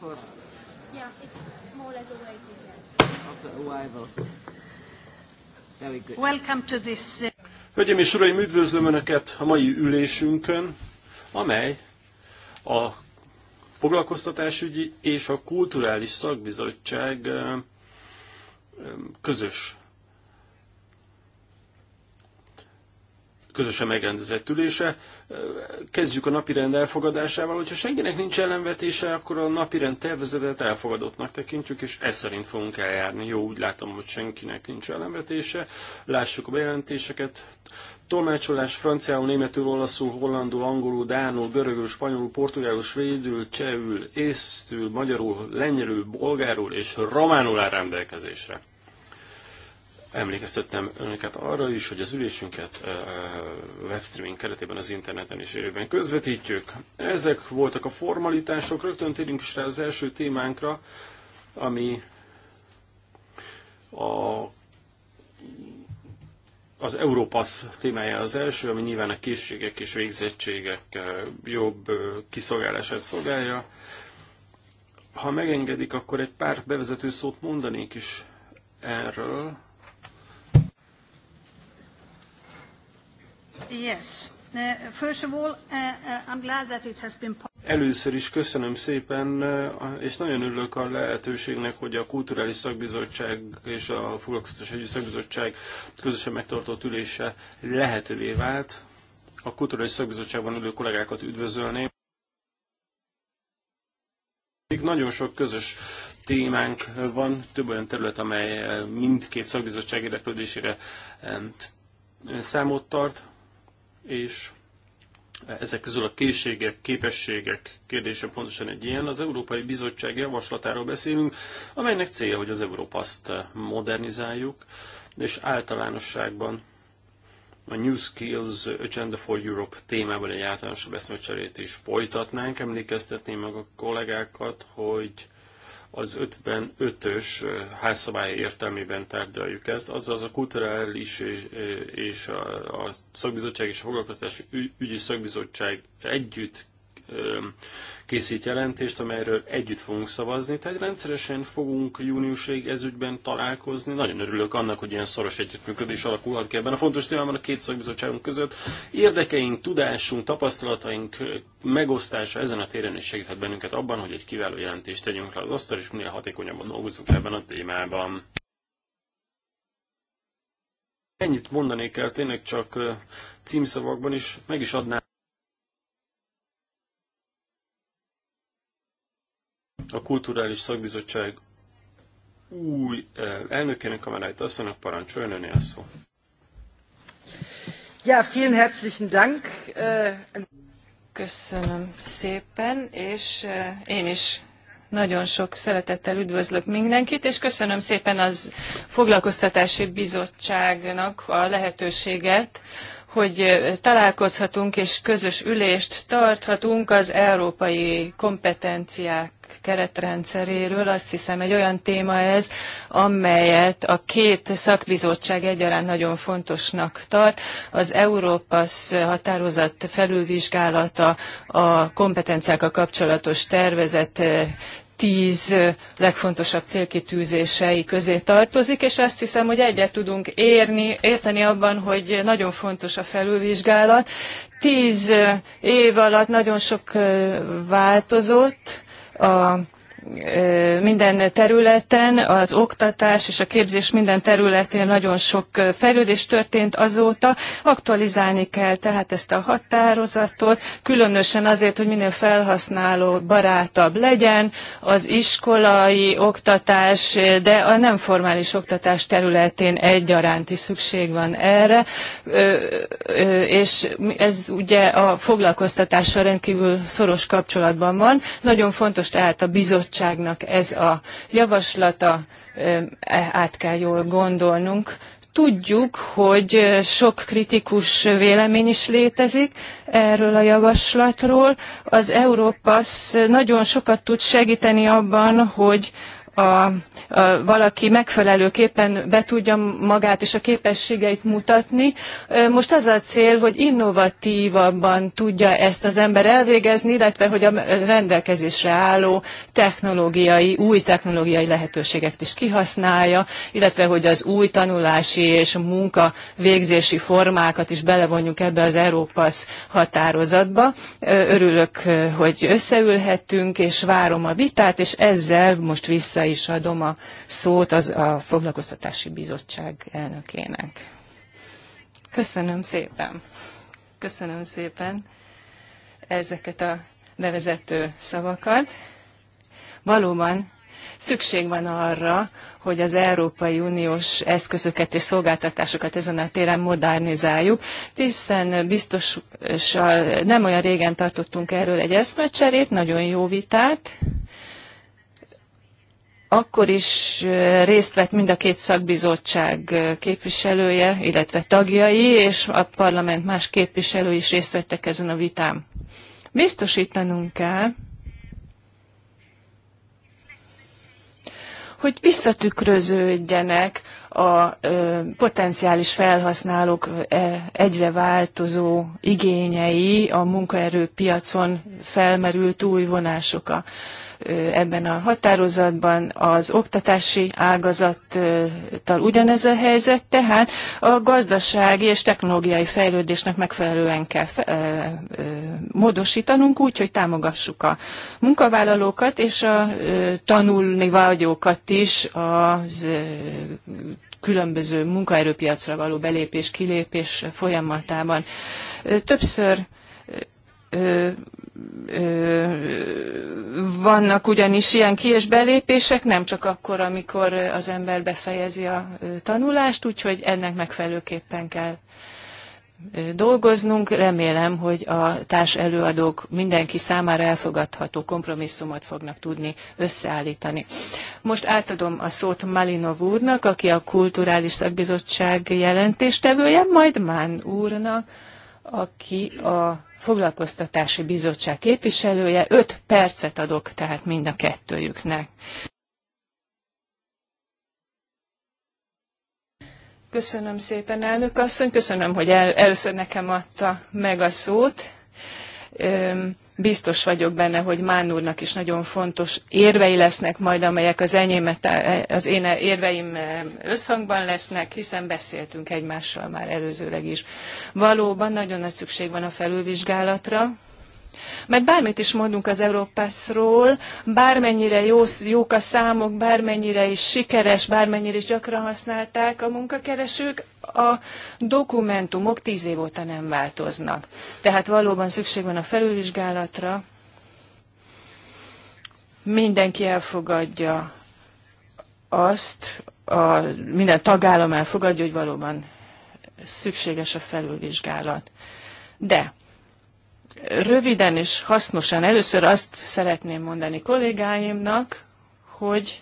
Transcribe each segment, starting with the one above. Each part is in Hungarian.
course. Yeah, it's more or less awaiting After arrival. Very good. Welcome to this. Uh, Hölgyeim és Uraim, üdvözlöm Önöket a mai ülésünkön, amely a foglalkoztatásügyi és a kulturális szakbizottság közös közösen megrendezett ülése. Kezdjük a napirend elfogadásával, hogyha senkinek nincs ellenvetése, akkor a napirend tervezetet elfogadottnak tekintjük, és ez szerint fogunk eljárni. Jó, úgy látom, hogy senkinek nincs ellenvetése. Lássuk a bejelentéseket. Tolmácsolás franciául, németül, olaszul, hollandul, angolul, dánul, görögül, spanyolul, portugálul, svédül, csehül, észtül, magyarul, lengyelül, bolgárul és románul áll rendelkezésre. Emlékeztettem önöket arra is, hogy az ülésünket webstreaming keretében az interneten is élőben közvetítjük. Ezek voltak a formalitások, rögtön térjünk is rá az első témánkra, ami a, az Európasz témája az első, ami nyilván a készségek és végzettségek jobb kiszolgálását szolgálja. Ha megengedik, akkor egy pár bevezető szót mondanék is erről Yes. Uh, first of all, uh, uh, I'm glad that it has been... Először is köszönöm szépen, és nagyon örülök a lehetőségnek, hogy a Kulturális Szakbizottság és a Foglalkoztatási Szakbizottság közösen megtartott ülése lehetővé vált. A Kulturális Szakbizottságban ülő kollégákat üdvözölném. Nagyon sok közös témánk van, több olyan terület, amely mindkét szakbizottság érdeklődésére um, számot tart és ezek közül a készségek, képességek kérdése pontosan egy ilyen. Az Európai Bizottság javaslatáról beszélünk, amelynek célja, hogy az Európa azt modernizáljuk, és általánosságban a New Skills Agenda for Europe témában egy általános beszélgetést is folytatnánk. Emlékeztetném meg a kollégákat, hogy az 55-ös házszabály értelmében tárgyaljuk ezt, azaz a kulturális és a szakbizottság és a foglalkoztás ügyi szakbizottság együtt készít jelentést, amelyről együtt fogunk szavazni, tehát rendszeresen fogunk júniusig ezügyben találkozni. Nagyon örülök annak, hogy ilyen szoros együttműködés alakulhat ki ebben a fontos témában a két szakbizottságunk között. Érdekeink, tudásunk, tapasztalataink megosztása ezen a téren is segíthet bennünket abban, hogy egy kiváló jelentést tegyünk le az asztal, és minél hatékonyabban dolgozunk ebben a témában. Ennyit mondanék el tényleg csak címszavakban is, meg is adnám a Kulturális Szakbizottság új eh, elnökének, azt asszonynak parancsoljon öné a szó. Ja, vielen herzlichen Dank. Eh, köszönöm szépen, és eh, én is nagyon sok szeretettel üdvözlök mindenkit, és köszönöm szépen az Foglalkoztatási Bizottságnak a lehetőséget, hogy találkozhatunk és közös ülést tarthatunk az európai kompetenciák keretrendszeréről. Azt hiszem egy olyan téma ez, amelyet a két szakbizottság egyaránt nagyon fontosnak tart. Az Európasz határozat felülvizsgálata a kompetenciákkal kapcsolatos tervezet tíz legfontosabb célkitűzései közé tartozik, és azt hiszem, hogy egyet tudunk érni, érteni abban, hogy nagyon fontos a felülvizsgálat. Tíz év alatt nagyon sok változott a minden területen, az oktatás és a képzés minden területén nagyon sok fejlődés történt azóta. Aktualizálni kell tehát ezt a határozatot, különösen azért, hogy minél felhasználó barátabb legyen az iskolai oktatás, de a nem formális oktatás területén egyaránt is szükség van erre, és ez ugye a foglalkoztatással rendkívül szoros kapcsolatban van. Nagyon fontos tehát a bizottság bizottságnak ez a javaslata, e, át kell jól gondolnunk. Tudjuk, hogy sok kritikus vélemény is létezik erről a javaslatról. Az Európasz nagyon sokat tud segíteni abban, hogy a, a, valaki megfelelőképpen be tudja magát és a képességeit mutatni. Most az a cél, hogy innovatívabban tudja ezt az ember elvégezni, illetve hogy a rendelkezésre álló technológiai, új technológiai lehetőségeket is kihasználja, illetve hogy az új tanulási és munka végzési formákat is belevonjuk ebbe az Európasz határozatba. Örülök, hogy összeülhettünk, és várom a vitát, és ezzel most vissza vissza is adom a szót az, a Foglalkoztatási Bizottság elnökének. Köszönöm szépen. Köszönöm szépen ezeket a bevezető szavakat. Valóban szükség van arra, hogy az Európai Uniós eszközöket és szolgáltatásokat ezen a téren modernizáljuk, hiszen biztossal nem olyan régen tartottunk erről egy eszmecserét, nagyon jó vitát, akkor is részt vett mind a két szakbizottság képviselője, illetve tagjai, és a parlament más képviselői is részt vettek ezen a vitán. Biztosítanunk kell, hogy visszatükröződjenek a potenciális felhasználók egyre változó igényei, a munkaerőpiacon felmerült új vonások a, ebben a határozatban. Az oktatási ágazattal ugyanez a helyzet, tehát a gazdasági és technológiai fejlődésnek megfelelően kell fe, módosítanunk úgy, hogy támogassuk a munkavállalókat és a tanulni vágyókat is az különböző munkaerőpiacra való belépés-kilépés folyamatában. Többször vannak ugyanis ilyen ki- és belépések, nem csak akkor, amikor az ember befejezi a tanulást, úgyhogy ennek megfelelőképpen kell dolgoznunk. Remélem, hogy a társ előadók mindenki számára elfogadható kompromisszumot fognak tudni összeállítani. Most átadom a szót Malinov úrnak, aki a Kulturális Szakbizottság jelentéstevője, majd Mán úrnak, aki a Foglalkoztatási Bizottság képviselője. Öt percet adok tehát mind a kettőjüknek. Köszönöm szépen, elnök asszony. Köszönöm, hogy el, először nekem adta meg a szót. Biztos vagyok benne, hogy Mán úrnak is nagyon fontos érvei lesznek majd, amelyek az, enyémet, az én érveim összhangban lesznek, hiszen beszéltünk egymással már előzőleg is. Valóban nagyon nagy szükség van a felülvizsgálatra, mert bármit is mondunk az Európászról, bármennyire jó, jók a számok, bármennyire is sikeres, bármennyire is gyakran használták a munkakeresők, a dokumentumok tíz év óta nem változnak. Tehát valóban szükség van a felülvizsgálatra. Mindenki elfogadja azt, a, minden tagállam elfogadja, hogy valóban szükséges a felülvizsgálat. De Röviden és hasznosan először azt szeretném mondani kollégáimnak, hogy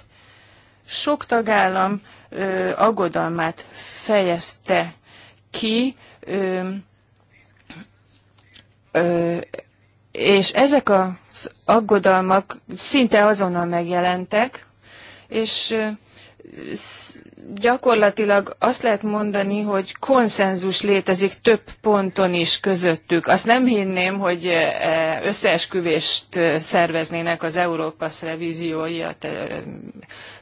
sok tagállam ö, aggodalmát fejezte ki, ö, ö, és ezek az aggodalmak szinte azonnal megjelentek, és gyakorlatilag azt lehet mondani, hogy konszenzus létezik több ponton is közöttük. Azt nem hinném, hogy e, összeesküvést e, szerveznének az Európasz revíziója e,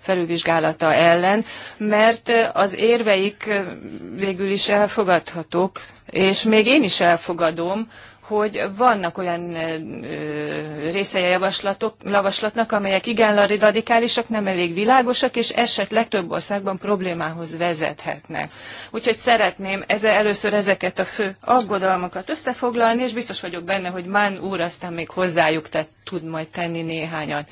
felülvizsgálata ellen, mert az érveik végül is elfogadhatók, és még én is elfogadom, hogy vannak olyan részei a javaslatok, javaslatnak, amelyek igen radikálisak, nem elég világosak, és esetleg több országban problémához vezethetnek. Úgyhogy szeretném ezzel először ezeket a fő aggodalmakat összefoglalni, és biztos vagyok benne, hogy Mán úr aztán még hozzájuk tett, tud majd tenni néhányat.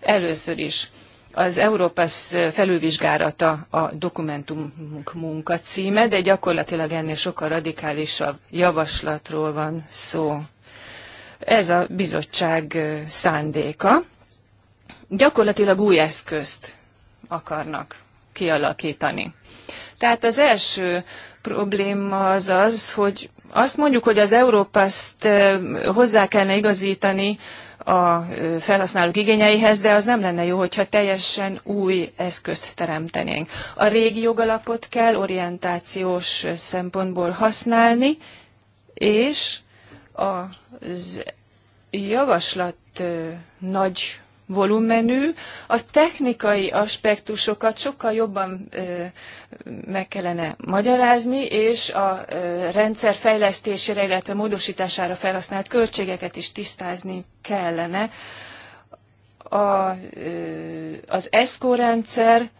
Először is az Európasz felülvizsgálata a dokumentumunk munka címe, de gyakorlatilag ennél sokkal radikálisabb javaslatról van szó. Ez a bizottság szándéka. Gyakorlatilag új eszközt akarnak kialakítani. Tehát az első probléma az az, hogy azt mondjuk, hogy az Európaszt hozzá kellene igazítani a felhasználók igényeihez, de az nem lenne jó, hogyha teljesen új eszközt teremtenénk. A régi jogalapot kell orientációs szempontból használni, és az javaslat nagy volumenű. A technikai aspektusokat sokkal jobban meg kellene magyarázni, és a rendszer fejlesztésére, illetve módosítására felhasznált költségeket is tisztázni kellene. A, az ESCO rendszer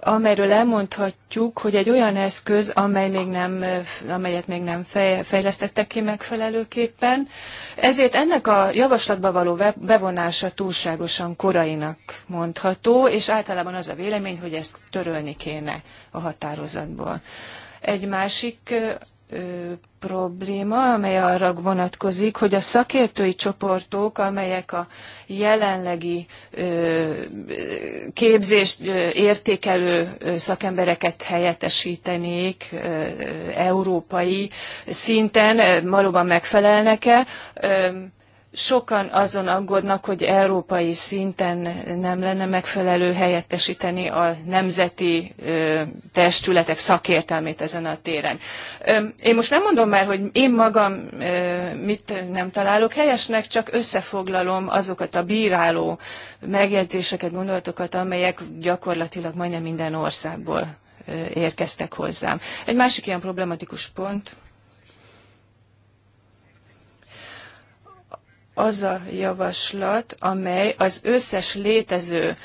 amelyről elmondhatjuk, hogy egy olyan eszköz, amely még nem, amelyet még nem fejlesztettek ki megfelelőképpen, ezért ennek a javaslatba való bevonása túlságosan korainak mondható, és általában az a vélemény, hogy ezt törölni kéne a határozatból. Egy másik probléma, amely arra vonatkozik, hogy a szakértői csoportok, amelyek a jelenlegi képzést értékelő szakembereket helyettesítenék európai szinten, valóban megfelelnek-e sokan azon aggódnak, hogy európai szinten nem lenne megfelelő helyettesíteni a nemzeti testületek szakértelmét ezen a téren. én most nem mondom már, hogy én magam mit nem találok helyesnek, csak összefoglalom azokat a bíráló megjegyzéseket, gondolatokat, amelyek gyakorlatilag majdnem minden országból érkeztek hozzám. Egy másik ilyen problematikus pont, az a javaslat, amely az összes létező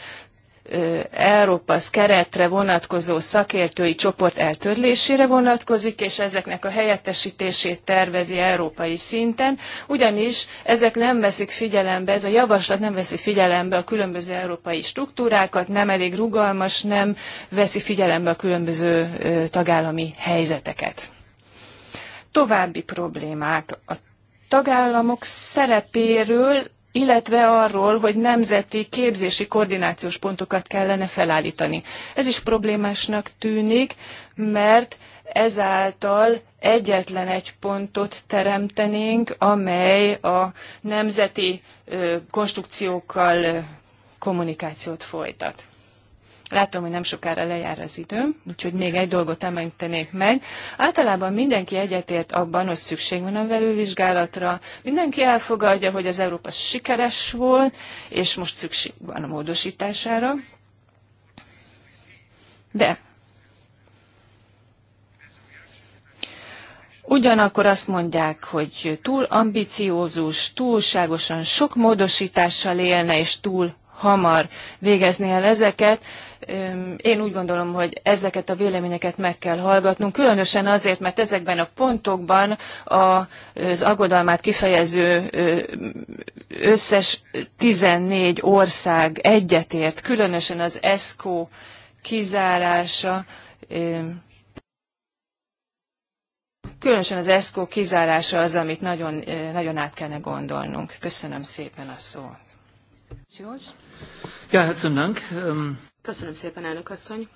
Európasz keretre vonatkozó szakértői csoport eltörlésére vonatkozik, és ezeknek a helyettesítését tervezi európai szinten, ugyanis ezek nem veszik figyelembe, ez a javaslat nem veszi figyelembe a különböző európai struktúrákat, nem elég rugalmas, nem veszi figyelembe a különböző tagállami helyzeteket. További problémák a tagállamok szerepéről, illetve arról, hogy nemzeti képzési koordinációs pontokat kellene felállítani. Ez is problémásnak tűnik, mert ezáltal egyetlen egy pontot teremtenénk, amely a nemzeti konstrukciókkal kommunikációt folytat. Látom, hogy nem sokára lejár az időm, úgyhogy még egy dolgot említenék meg. Általában mindenki egyetért abban, hogy szükség van a velővizsgálatra. Mindenki elfogadja, hogy az Európa sikeres volt, és most szükség van a módosítására. De Ugyanakkor azt mondják, hogy túl ambiciózus, túlságosan sok módosítással élne, és túl hamar végezni el ezeket. Én úgy gondolom, hogy ezeket a véleményeket meg kell hallgatnunk, különösen azért, mert ezekben a pontokban az aggodalmát kifejező összes 14 ország egyetért, különösen az ESCO kizárása, különösen az ESCO kizárása az, amit nagyon, nagyon át kellene gondolnunk. Köszönöm szépen a szót. Ja, herzlichen Dank. Ähm, Köszönöm szépen, elnök asszony.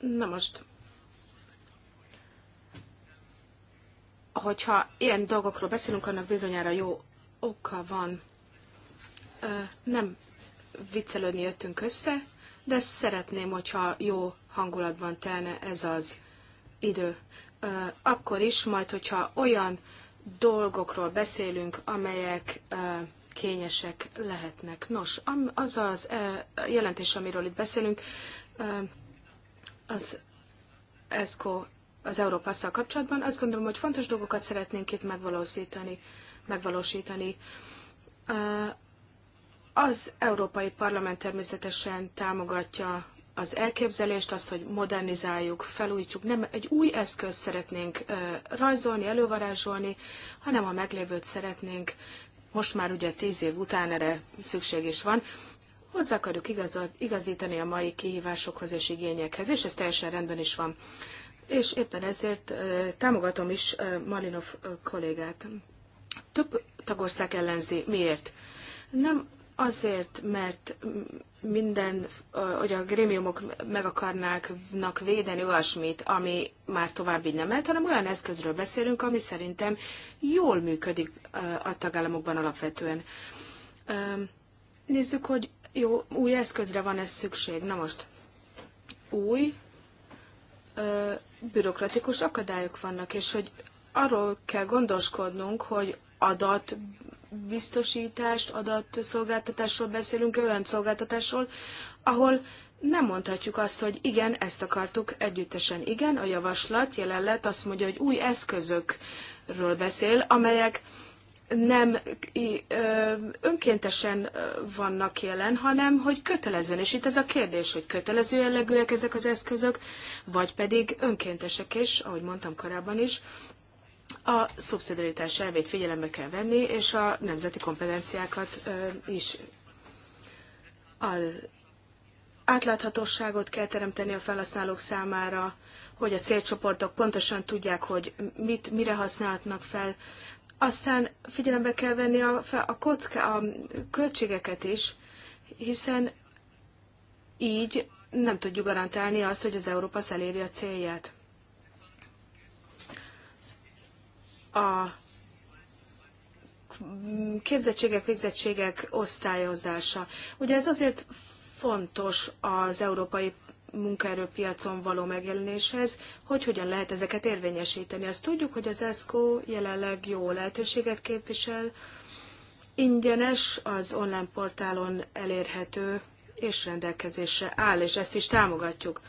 Na most, hogyha ilyen dolgokról beszélünk, annak bizonyára jó oka van. Nem viccelődni jöttünk össze, de szeretném, hogyha jó hangulatban telne ez az idő. Akkor is, majd, hogyha olyan dolgokról beszélünk, amelyek kényesek lehetnek. Nos, az az e, jelentés, amiről itt beszélünk, e, az ESCO az Európasszal kapcsolatban. Azt gondolom, hogy fontos dolgokat szeretnénk itt megvalósítani. megvalósítani. E, az Európai Parlament természetesen támogatja az elképzelést, azt, hogy modernizáljuk, felújítjuk, nem egy új eszközt szeretnénk rajzolni, elővarázsolni, hanem a meglévőt szeretnénk most már ugye tíz év után erre szükség is van, hozzá akarjuk igazítani a mai kihívásokhoz és igényekhez, és ez teljesen rendben is van. És éppen ezért támogatom is Malinov kollégát. Több tagország ellenzi. Miért? Nem azért, mert minden, hogy a grémiumok meg akarnáknak védeni olyasmit, ami már tovább így nem mehet, hanem olyan eszközről beszélünk, ami szerintem jól működik a tagállamokban alapvetően. Nézzük, hogy jó, új eszközre van ez szükség. Na most, új bürokratikus akadályok vannak, és hogy arról kell gondoskodnunk, hogy adat biztosítást, adatszolgáltatásról beszélünk, olyan szolgáltatásról, ahol nem mondhatjuk azt, hogy igen, ezt akartuk együttesen. Igen, a javaslat jelenleg azt mondja, hogy új eszközökről beszél, amelyek nem önkéntesen vannak jelen, hanem hogy kötelezően. És itt ez a kérdés, hogy kötelező jellegűek ezek az eszközök, vagy pedig önkéntesek, is, ahogy mondtam korábban is, a szubszidiaritás elvét figyelembe kell venni, és a nemzeti kompetenciákat is. Az átláthatóságot kell teremteni a felhasználók számára, hogy a célcsoportok pontosan tudják, hogy mit, mire használhatnak fel. Aztán figyelembe kell venni a, a, kocka, a költségeket is, hiszen így nem tudjuk garantálni azt, hogy az Európa eléri a célját. a képzettségek, végzettségek osztályozása. Ugye ez azért fontos az európai munkaerőpiacon való megjelenéshez, hogy hogyan lehet ezeket érvényesíteni. Azt tudjuk, hogy az ESCO jelenleg jó lehetőséget képvisel, ingyenes, az online portálon elérhető és rendelkezésre áll, és ezt is támogatjuk.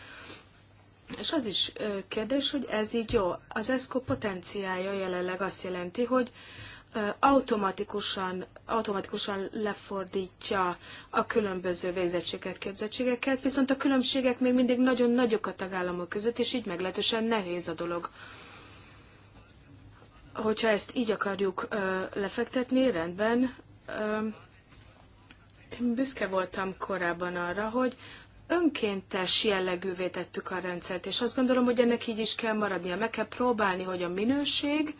És az is kérdés, hogy ez így jó. Az ESCO potenciája jelenleg azt jelenti, hogy automatikusan, automatikusan lefordítja a különböző végzettséget, képzettségeket, viszont a különbségek még mindig nagyon nagyok a tagállamok között, és így meglehetősen nehéz a dolog. Hogyha ezt így akarjuk ö, lefektetni, rendben. Ö, én büszke voltam korábban arra, hogy önkéntes jellegűvé tettük a rendszert, és azt gondolom, hogy ennek így is kell maradnia. Meg kell próbálni, hogy a minőség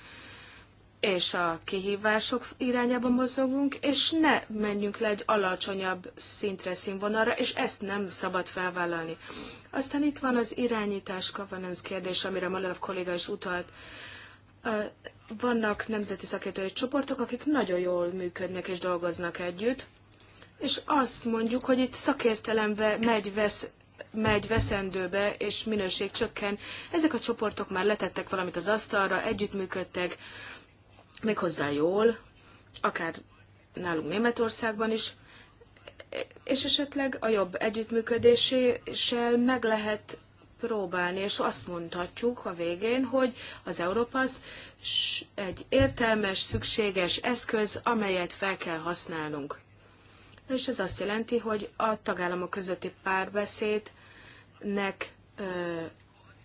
és a kihívások irányába mozogunk, és ne menjünk le egy alacsonyabb szintre, színvonalra, és ezt nem szabad felvállalni. Aztán itt van az irányítás governance kérdés, amire Malerov kolléga is utalt. Vannak nemzeti szakértői csoportok, akik nagyon jól működnek és dolgoznak együtt, és azt mondjuk, hogy itt szakértelembe megy, vesz, megy veszendőbe, és minőség csökken. Ezek a csoportok már letettek valamit az asztalra, együttműködtek, méghozzá jól, akár nálunk Németországban is, és esetleg a jobb együttműködéssel meg lehet próbálni, és azt mondhatjuk a végén, hogy az európa az egy értelmes, szükséges eszköz, amelyet fel kell használnunk és ez azt jelenti, hogy a tagállamok közötti párbeszédnek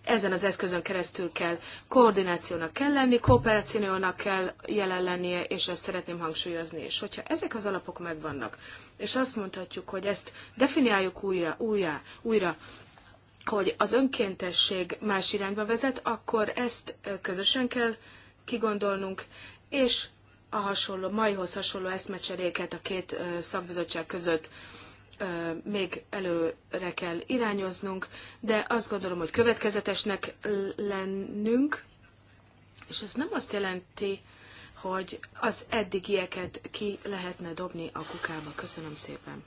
ezen az eszközön keresztül kell koordinációnak kell lenni, kooperációnak kell jelen lennie, és ezt szeretném hangsúlyozni. És hogyha ezek az alapok megvannak, és azt mondhatjuk, hogy ezt definiáljuk újra, újra, újra hogy az önkéntesség más irányba vezet, akkor ezt közösen kell kigondolnunk, és a hasonló, maihoz hasonló eszmecseréket a két szakbizottság között még előre kell irányoznunk, de azt gondolom, hogy következetesnek lennünk, és ez nem azt jelenti, hogy az eddigieket ki lehetne dobni a kukába. Köszönöm szépen.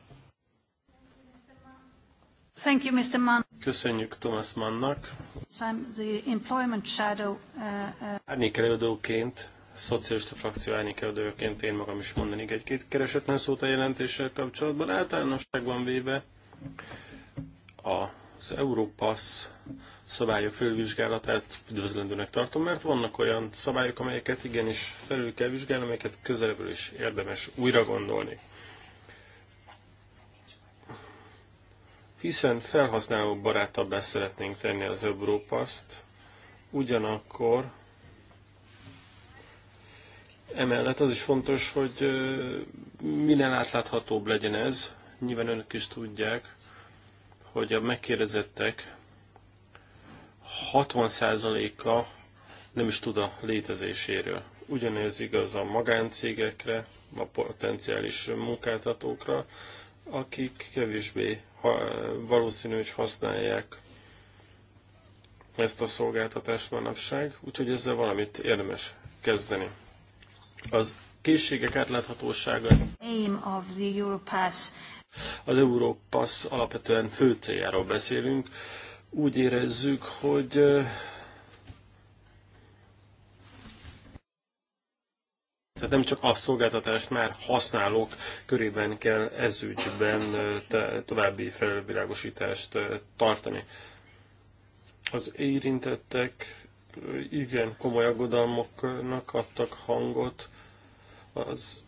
Thank you, Mr. Mann. Köszönjük Thomas Mannnak. I'm the employment shadow. Uh, uh szocialista frakció árnyékelődőként én magam is mondanék egy-két keresetlen szót a jelentéssel kapcsolatban. Általánosságban véve az Európasz szabályok felülvizsgálatát üdvözlendőnek tartom, mert vannak olyan szabályok, amelyeket igenis felül kell vizsgálni, amelyeket közelebbről is érdemes újra gondolni. Hiszen felhasználó barátabbá szeretnénk tenni az Európaszt, ugyanakkor Emellett az is fontos, hogy minél átláthatóbb legyen ez. Nyilván önök is tudják, hogy a megkérdezettek 60%-a nem is tud a létezéséről. Ugyanez igaz a magáncégekre, a potenciális munkáltatókra, akik kevésbé valószínű, hogy használják ezt a szolgáltatást manapság, úgyhogy ezzel valamit érdemes kezdeni. Az készségek átláthatósága. Aim of the Europass. Az Europass alapvetően fő céljáról beszélünk. Úgy érezzük, hogy Tehát nem csak a szolgáltatást már használók körében kell ezügyben további felvilágosítást tartani. Az érintettek igen komoly aggodalmoknak adtak hangot az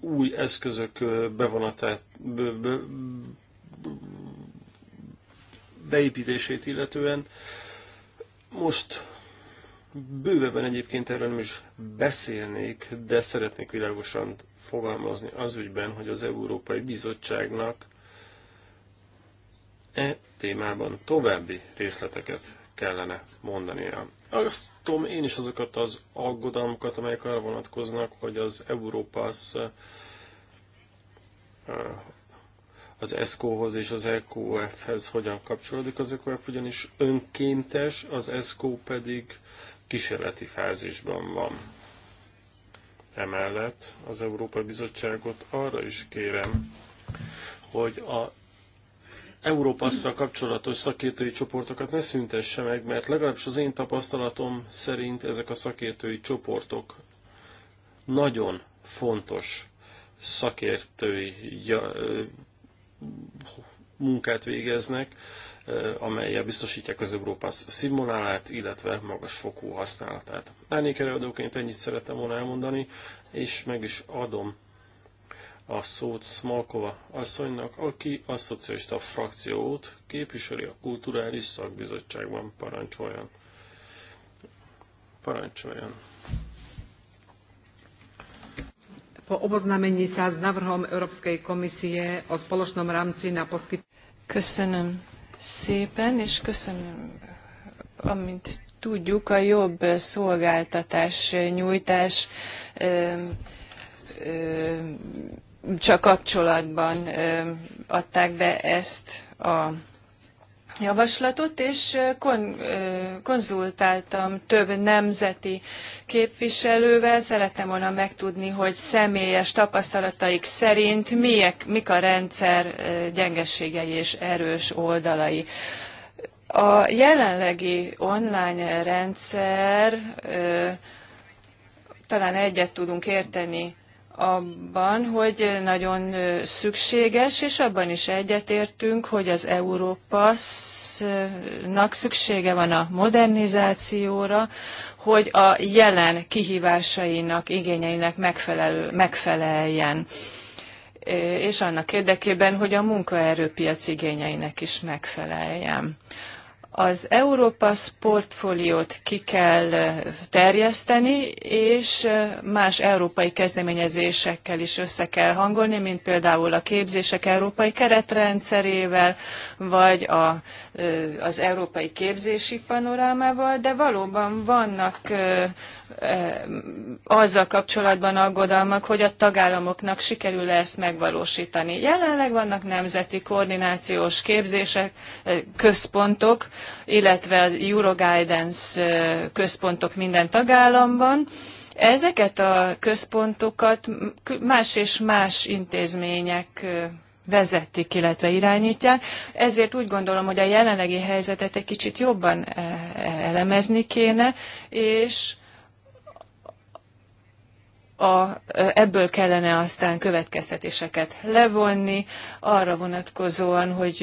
új eszközök bevonatát, be, be, beépítését illetően. Most bővebben egyébként erről nem is beszélnék, de szeretnék világosan fogalmazni az ügyben, hogy az Európai Bizottságnak e témában további részleteket kellene mondania. tudom én is azokat az aggodalmakat, amelyek arra vonatkoznak, hogy az Európasz az ESCO-hoz és az EQF-hez hogyan kapcsolódik. Az EQF ugyanis önkéntes, az ESCO pedig kísérleti fázisban van. Emellett az Európai Bizottságot arra is kérem, hogy a Európasszal kapcsolatos szakértői csoportokat ne szüntesse meg, mert legalábbis az én tapasztalatom szerint ezek a szakértői csoportok nagyon fontos szakértői munkát végeznek, amelyel biztosítják az Európa szimulálát, illetve magas fokú használatát. Árnyék előadóként ennyit szerettem volna elmondani, és meg is adom a szót Smalkova asszonynak, aki a szocialista frakciót képviseli a kulturális szakbizottságban. Parancsoljon. Parancsoljon. Po oboznámení sa s návrhom Európskej komisie o spoločnom rámci na poskyt... Köszönöm szépen, és köszönöm, amint tudjuk, a jobb szolgáltatás nyújtás ö, ö, csak kapcsolatban adták be ezt a javaslatot, és kon, konzultáltam több nemzeti képviselővel. Szerettem volna megtudni, hogy személyes tapasztalataik szerint milyek mik a rendszer gyengességei és erős oldalai. A jelenlegi online rendszer talán egyet tudunk érteni abban, hogy nagyon szükséges, és abban is egyetértünk, hogy az Európasznak szüksége van a modernizációra, hogy a jelen kihívásainak, igényeinek megfelelő, megfeleljen és annak érdekében, hogy a munkaerőpiac igényeinek is megfeleljen az Európa portfóliót ki kell terjeszteni, és más európai kezdeményezésekkel is össze kell hangolni, mint például a képzések európai keretrendszerével, vagy a, az európai képzési panorámával, de valóban vannak Eh, azzal kapcsolatban aggodalmak, hogy a tagállamoknak sikerül -e ezt megvalósítani. Jelenleg vannak nemzeti koordinációs képzések, eh, központok, illetve az Euroguidance eh, központok minden tagállamban. Ezeket a központokat más és más intézmények vezetik, illetve irányítják. Ezért úgy gondolom, hogy a jelenlegi helyzetet egy kicsit jobban elemezni kéne, és a, ebből kellene aztán következtetéseket levonni, arra vonatkozóan, hogy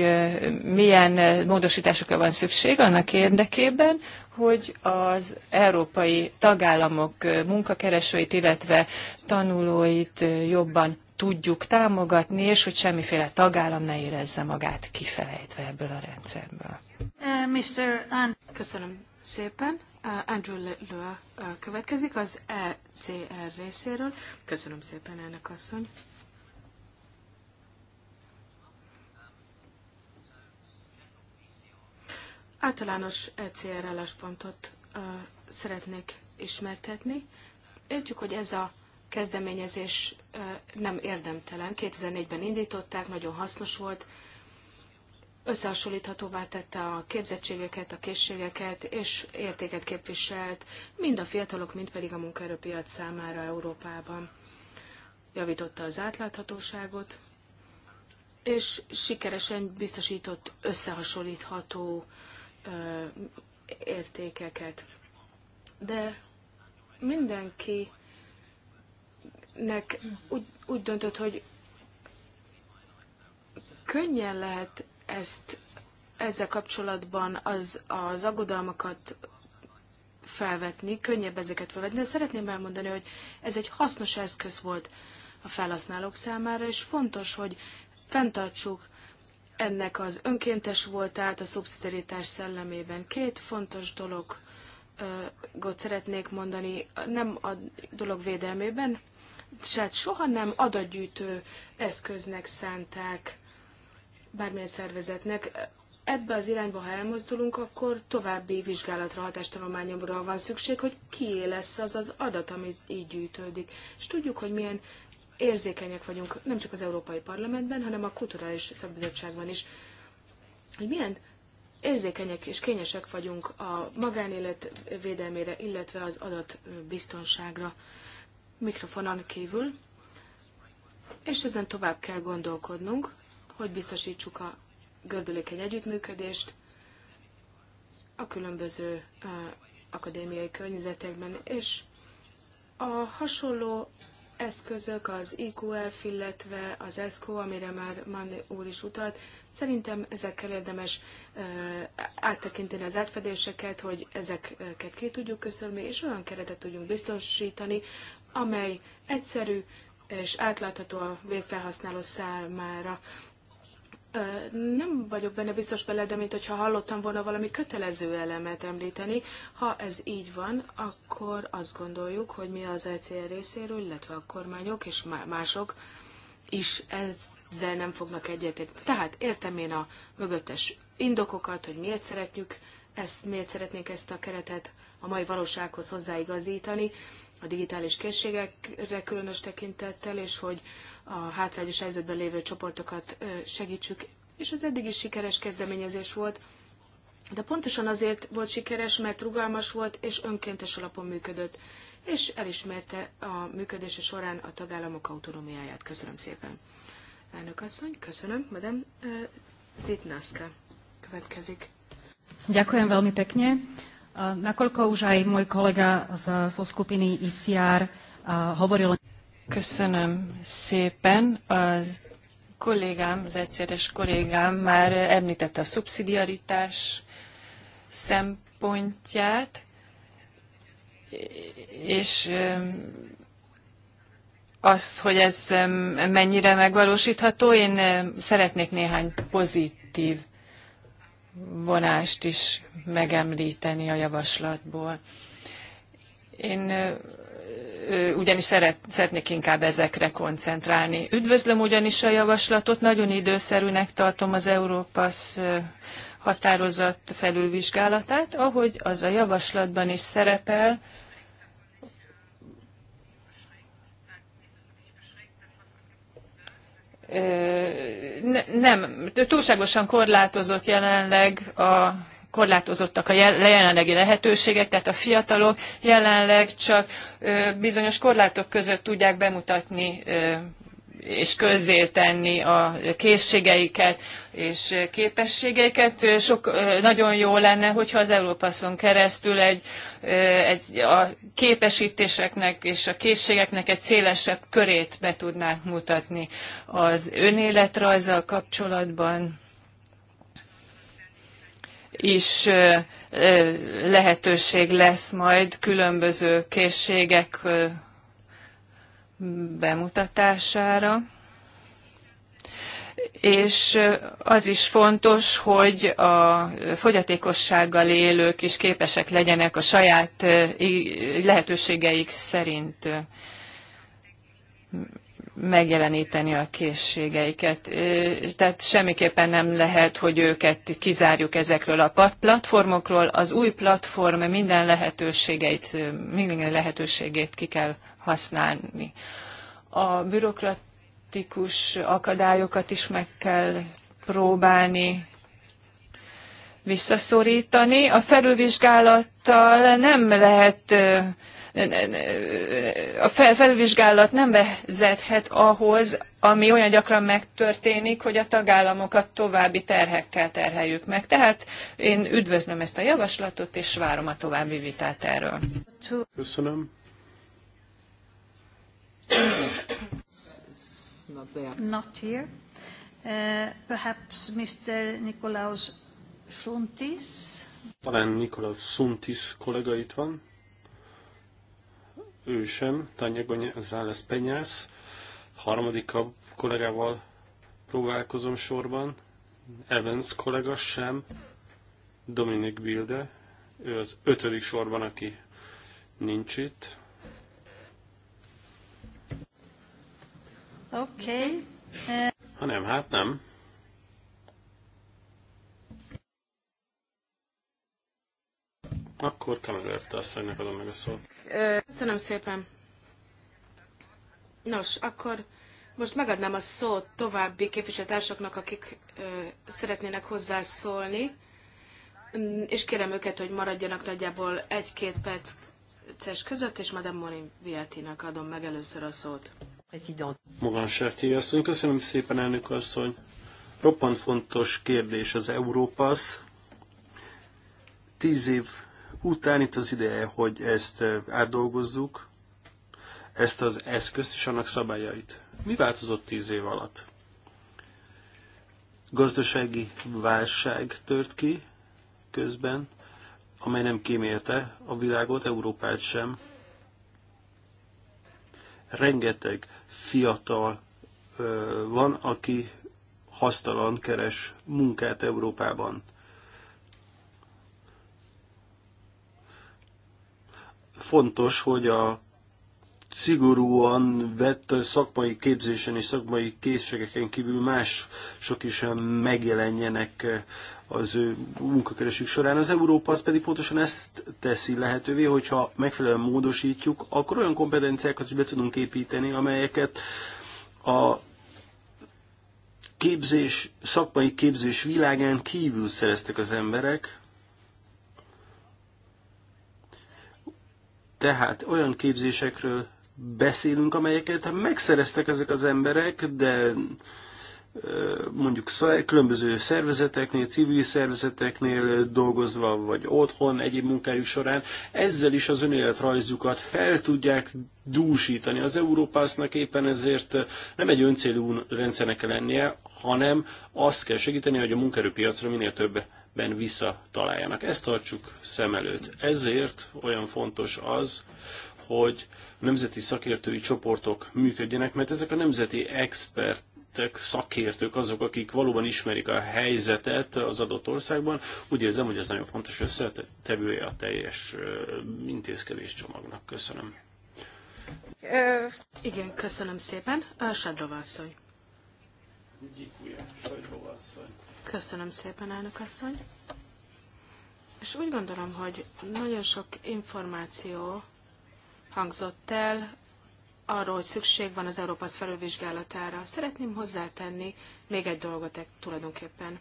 milyen módosításokra van szükség annak érdekében, hogy az európai tagállamok munkakeresőit, illetve tanulóit jobban tudjuk támogatni, és hogy semmiféle tagállam ne érezze magát kifelejtve ebből a rendszerből. Uh, Mr. An- Köszönöm szépen. Uh, Andrew Lua uh, következik az e CR részéről. Köszönöm szépen, elnök asszony. Általános ECR álláspontot uh, szeretnék ismertetni. Értjük, hogy ez a kezdeményezés uh, nem érdemtelen. 2004-ben indították, nagyon hasznos volt, uh, összehasonlíthatóvá tette a képzettségeket, a készségeket és értéket képviselt mind a fiatalok, mind pedig a munkaerőpiac számára Európában. Javította az átláthatóságot, és sikeresen biztosított összehasonlítható ö, értékeket. De mindenkinek úgy, úgy döntött, hogy könnyen lehet ezt ezzel kapcsolatban az, az aggodalmakat felvetni, könnyebb ezeket felvetni, de szeretném elmondani, hogy ez egy hasznos eszköz volt a felhasználók számára, és fontos, hogy fenntartsuk ennek az önkéntes voltát a szubszidiaritás szellemében. Két fontos dologot szeretnék mondani, nem a dolog védelmében, tehát soha nem adatgyűjtő eszköznek szánták bármilyen szervezetnek. Ebbe az irányba, ha elmozdulunk, akkor további vizsgálatra, hatástanulmányomra van szükség, hogy kié lesz az az adat, amit így gyűjtődik. És tudjuk, hogy milyen érzékenyek vagyunk, nem csak az Európai Parlamentben, hanem a Kulturális Szakbizottságban is, hogy milyen érzékenyek és kényesek vagyunk a magánélet védelmére, illetve az adatbiztonságra mikrofonon kívül, és ezen tovább kell gondolkodnunk, hogy biztosítsuk a gördülékeny együttműködést a különböző akadémiai környezetekben, és a hasonló eszközök, az IQF, illetve az ESCO, amire már Mann úr is utalt, szerintem ezekkel érdemes áttekinteni az átfedéseket, hogy ezeket ki tudjuk köszönni, és olyan keretet tudjunk biztosítani, amely egyszerű és átlátható a végfelhasználó számára, nem vagyok benne biztos vele, de mint hogyha hallottam volna valami kötelező elemet említeni. Ha ez így van, akkor azt gondoljuk, hogy mi az ECR részéről, illetve a kormányok és mások is ezzel nem fognak egyetérni. Tehát értem én a mögöttes indokokat, hogy miért szeretjük ezt, miért szeretnénk ezt a keretet a mai valósághoz hozzáigazítani, a digitális készségekre különös tekintettel, és hogy a hátrányos helyzetben lévő csoportokat segítsük, és az eddig is sikeres kezdeményezés volt, de pontosan azért volt sikeres, mert rugalmas volt és önkéntes alapon működött, és elismerte a működése során a tagállamok autonómiáját. Köszönöm szépen. Elnök asszony, köszönöm. Madam Zitnaska következik. Ďakujem veľmi pekne. Nakoľko už aj môj kolega zo skupiny ICR hovoril... Köszönöm szépen. Az kollégám, az egyszeres kollégám már említette a szubszidiaritás szempontját, és um, azt, hogy ez um, mennyire megvalósítható, én um, szeretnék néhány pozitív vonást is megemlíteni a javaslatból. Én ugyanis szeret, szeretnék inkább ezekre koncentrálni. Üdvözlöm ugyanis a javaslatot, nagyon időszerűnek tartom az Európasz határozat felülvizsgálatát, ahogy az a javaslatban is szerepel, nem, túlságosan korlátozott jelenleg a korlátozottak a jelenlegi lehetőségek, tehát a fiatalok jelenleg csak bizonyos korlátok között tudják bemutatni és tenni a készségeiket és képességeiket. Sok, nagyon jó lenne, hogyha az Európaszon keresztül egy, egy, a képesítéseknek és a készségeknek egy szélesebb körét be tudnánk mutatni az önéletrajzzal kapcsolatban is lehetőség lesz majd különböző készségek bemutatására. És az is fontos, hogy a fogyatékossággal élők is képesek legyenek a saját lehetőségeik szerint megjeleníteni a készségeiket. Tehát semmiképpen nem lehet, hogy őket kizárjuk ezekről a platformokról. Az új platform minden lehetőségeit, minden lehetőségét ki kell használni. A bürokratikus akadályokat is meg kell próbálni visszaszorítani. A felülvizsgálattal nem lehet a felvizsgálat nem vezethet ahhoz, ami olyan gyakran megtörténik, hogy a tagállamokat további terhekkel terheljük meg. Tehát én üdvözlöm ezt a javaslatot, és várom a további vitát erről. Köszönöm. Not here. Uh, perhaps Mr. Nikolaus Suntis. Talán Nikolaus Suntis kollega itt van ő sem, Tanya González Penyász, harmadik a kollégával próbálkozom sorban, Evans kollega sem, Dominik Bilde, ő az ötödik sorban, aki nincs itt. Oké. Okay. Ha nem, hát nem. Akkor Kamerőrte asszonynak adom meg a szót. Köszönöm szépen. Nos, akkor most megadnám a szót további képviselőtársaknak, akik szeretnének hozzászólni, mm, és kérem őket, hogy maradjanak nagyjából egy-két perces között, és Madame Morin Vietinak adom meg először a szót. Magán asszony, köszönöm szépen, elnök asszony. Roppant fontos kérdés az Európasz. Tíz év után itt az ideje, hogy ezt eh, átdolgozzuk, ezt az eszközt és annak szabályait. Mi változott tíz év alatt? Gazdasági válság tört ki közben, amely nem kímélte a világot, Európát sem. Rengeteg fiatal eh, van, aki hasztalan keres munkát Európában. fontos, hogy a szigorúan vett szakmai képzésen és szakmai készségeken kívül más sok is megjelenjenek az ő munkakeresők során. Az Európa az pedig pontosan ezt teszi lehetővé, hogyha megfelelően módosítjuk, akkor olyan kompetenciákat is be tudunk építeni, amelyeket a képzés, szakmai képzés világán kívül szereztek az emberek, Tehát olyan képzésekről beszélünk, amelyeket megszereztek ezek az emberek, de mondjuk különböző szervezeteknél, civil szervezeteknél dolgozva, vagy otthon, egyéb munkájuk során, ezzel is az önéletrajzjukat fel tudják dúsítani. Az Európásznak éppen ezért nem egy öncélú rendszernek kell lennie, hanem azt kell segíteni, hogy a munkerőpiacra minél több ben visszataláljanak. Ezt tartsuk szem előtt. Ezért olyan fontos az, hogy nemzeti szakértői csoportok működjenek, mert ezek a nemzeti expert szakértők, azok, akik valóban ismerik a helyzetet az adott országban. Úgy érzem, hogy ez nagyon fontos összetevője a teljes intézkedés csomagnak. Köszönöm. Igen, köszönöm szépen. A asszony. Gyikúja, Sadrova Köszönöm szépen, elnök asszony. És úgy gondolom, hogy nagyon sok információ hangzott el arról, hogy szükség van az Európa felülvizsgálatára. Szeretném hozzátenni még egy dolgot tulajdonképpen,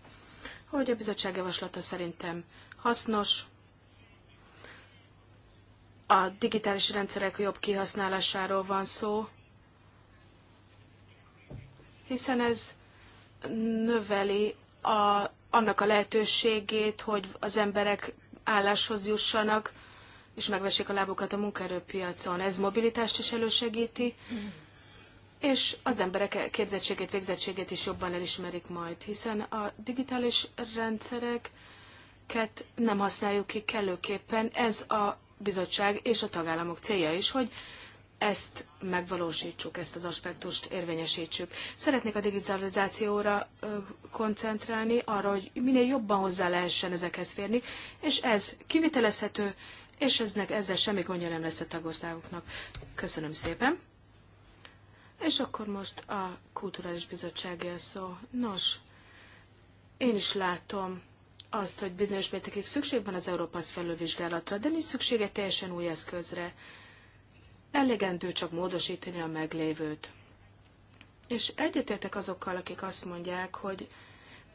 hogy a bizottság javaslata szerintem hasznos, a digitális rendszerek jobb kihasználásáról van szó, hiszen ez növeli a, annak a lehetőségét, hogy az emberek álláshoz jussanak, és megvessék a lábukat a munkaerőpiacon. Ez mobilitást is elősegíti, és az emberek képzettségét, végzettségét is jobban elismerik majd, hiszen a digitális rendszereket nem használjuk ki kellőképpen. Ez a bizottság és a tagállamok célja is, hogy ezt megvalósítsuk, ezt az aspektust érvényesítsük. Szeretnék a digitalizációra koncentrálni, arra, hogy minél jobban hozzá lehessen ezekhez férni, és ez kivitelezhető, és eznek, ezzel semmi gondja nem lesz a tagországoknak. Köszönöm szépen. És akkor most a Kulturális bizottsági szó. Nos, én is látom azt, hogy bizonyos mértékig szükség van az Európa felülvizsgálatra, de nincs szüksége teljesen új eszközre elegendő csak módosítani a meglévőt. És egyetértek azokkal, akik azt mondják, hogy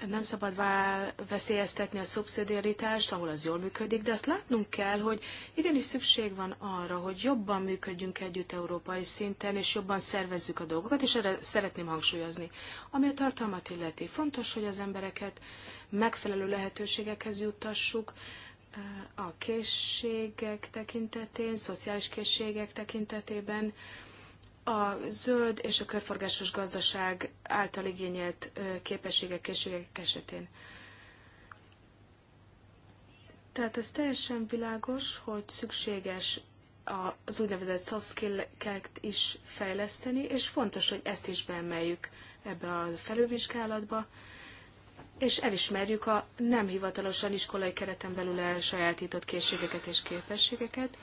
nem szabad vál, veszélyeztetni a szubszidiaritást, ahol az jól működik, de azt látnunk kell, hogy igenis szükség van arra, hogy jobban működjünk együtt európai szinten, és jobban szervezzük a dolgokat, és erre szeretném hangsúlyozni. Ami a tartalmat illeti, fontos, hogy az embereket megfelelő lehetőségekhez juttassuk, a készségek tekintetén, szociális készségek tekintetében a zöld és a körforgásos gazdaság által igényelt képességek, készségek esetén. Tehát ez teljesen világos, hogy szükséges az úgynevezett soft skill-eket is fejleszteni, és fontos, hogy ezt is beemeljük ebbe a felülvizsgálatba, és elismerjük a nem hivatalosan iskolai kereten belül elsajátított készségeket és képességeket,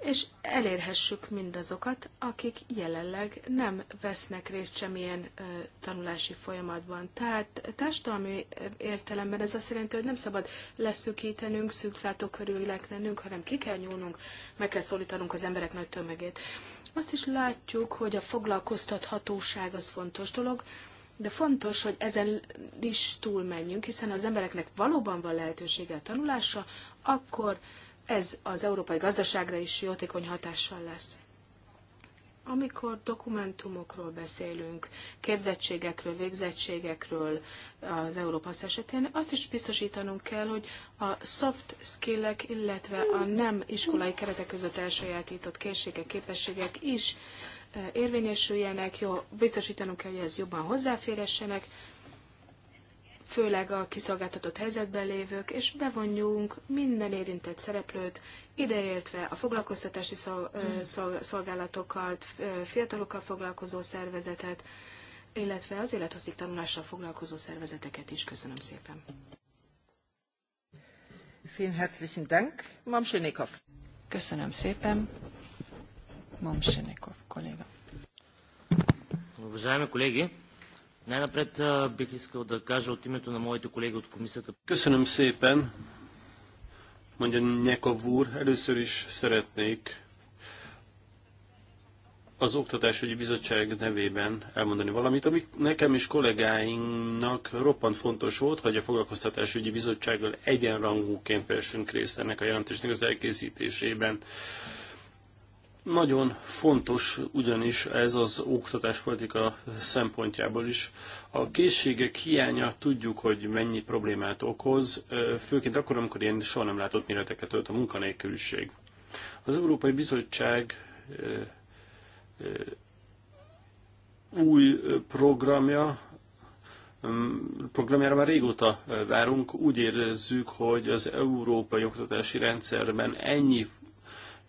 és elérhessük mindazokat, akik jelenleg nem vesznek részt semmilyen ö, tanulási folyamatban. Tehát társadalmi értelemben ez azt jelenti, hogy nem szabad leszűkítenünk, szűklátókörűleg lennünk, hanem ki kell nyúlnunk, meg kell szólítanunk az emberek nagy tömegét. Azt is látjuk, hogy a foglalkoztathatóság az fontos dolog, de fontos, hogy ezen is menjünk, hiszen ha az embereknek valóban van lehetősége a tanulásra, akkor ez az európai gazdaságra is jótékony hatással lesz. Amikor dokumentumokról beszélünk, képzettségekről, végzettségekről az Európa esetén, azt is biztosítanunk kell, hogy a soft skill-ek, illetve a nem iskolai keretek között elsajátított készségek, képességek is érvényesüljenek, jó, biztosítanunk kell, hogy ez jobban hozzáférhessenek, főleg a kiszolgáltatott helyzetben lévők, és bevonjunk minden érintett szereplőt, ideértve a foglalkoztatási hmm. szolgálatokat, fiatalokkal foglalkozó szervezetet, illetve az élethosszig tanulással foglalkozó szervezeteket is. Köszönöm szépen. Vielen herzlichen Dank, Mam Köszönöm szépen. Момшеников, колега. Уважаеми колеги, най-напред бих искал да кажа от името на моите колеги от комисията. Köszönöm szépen, mondja Nyekov úr. Először is szeretnék az Oktatásügyi Bizottság nevében elmondani valamit, ami nekem és kollégáinknak roppant fontos volt, hogy a Foglalkoztatásügyi Bizottsággal egyenrangúként vessünk részt ennek a jelentésnek az elkészítésében. Nagyon fontos ugyanis ez az oktatáspolitika szempontjából is. A készségek hiánya tudjuk, hogy mennyi problémát okoz, főként akkor, amikor ilyen soha nem látott méreteket ölt a munkanélküliség. Az Európai Bizottság új programja, programjára már régóta várunk. Úgy érezzük, hogy az európai oktatási rendszerben ennyi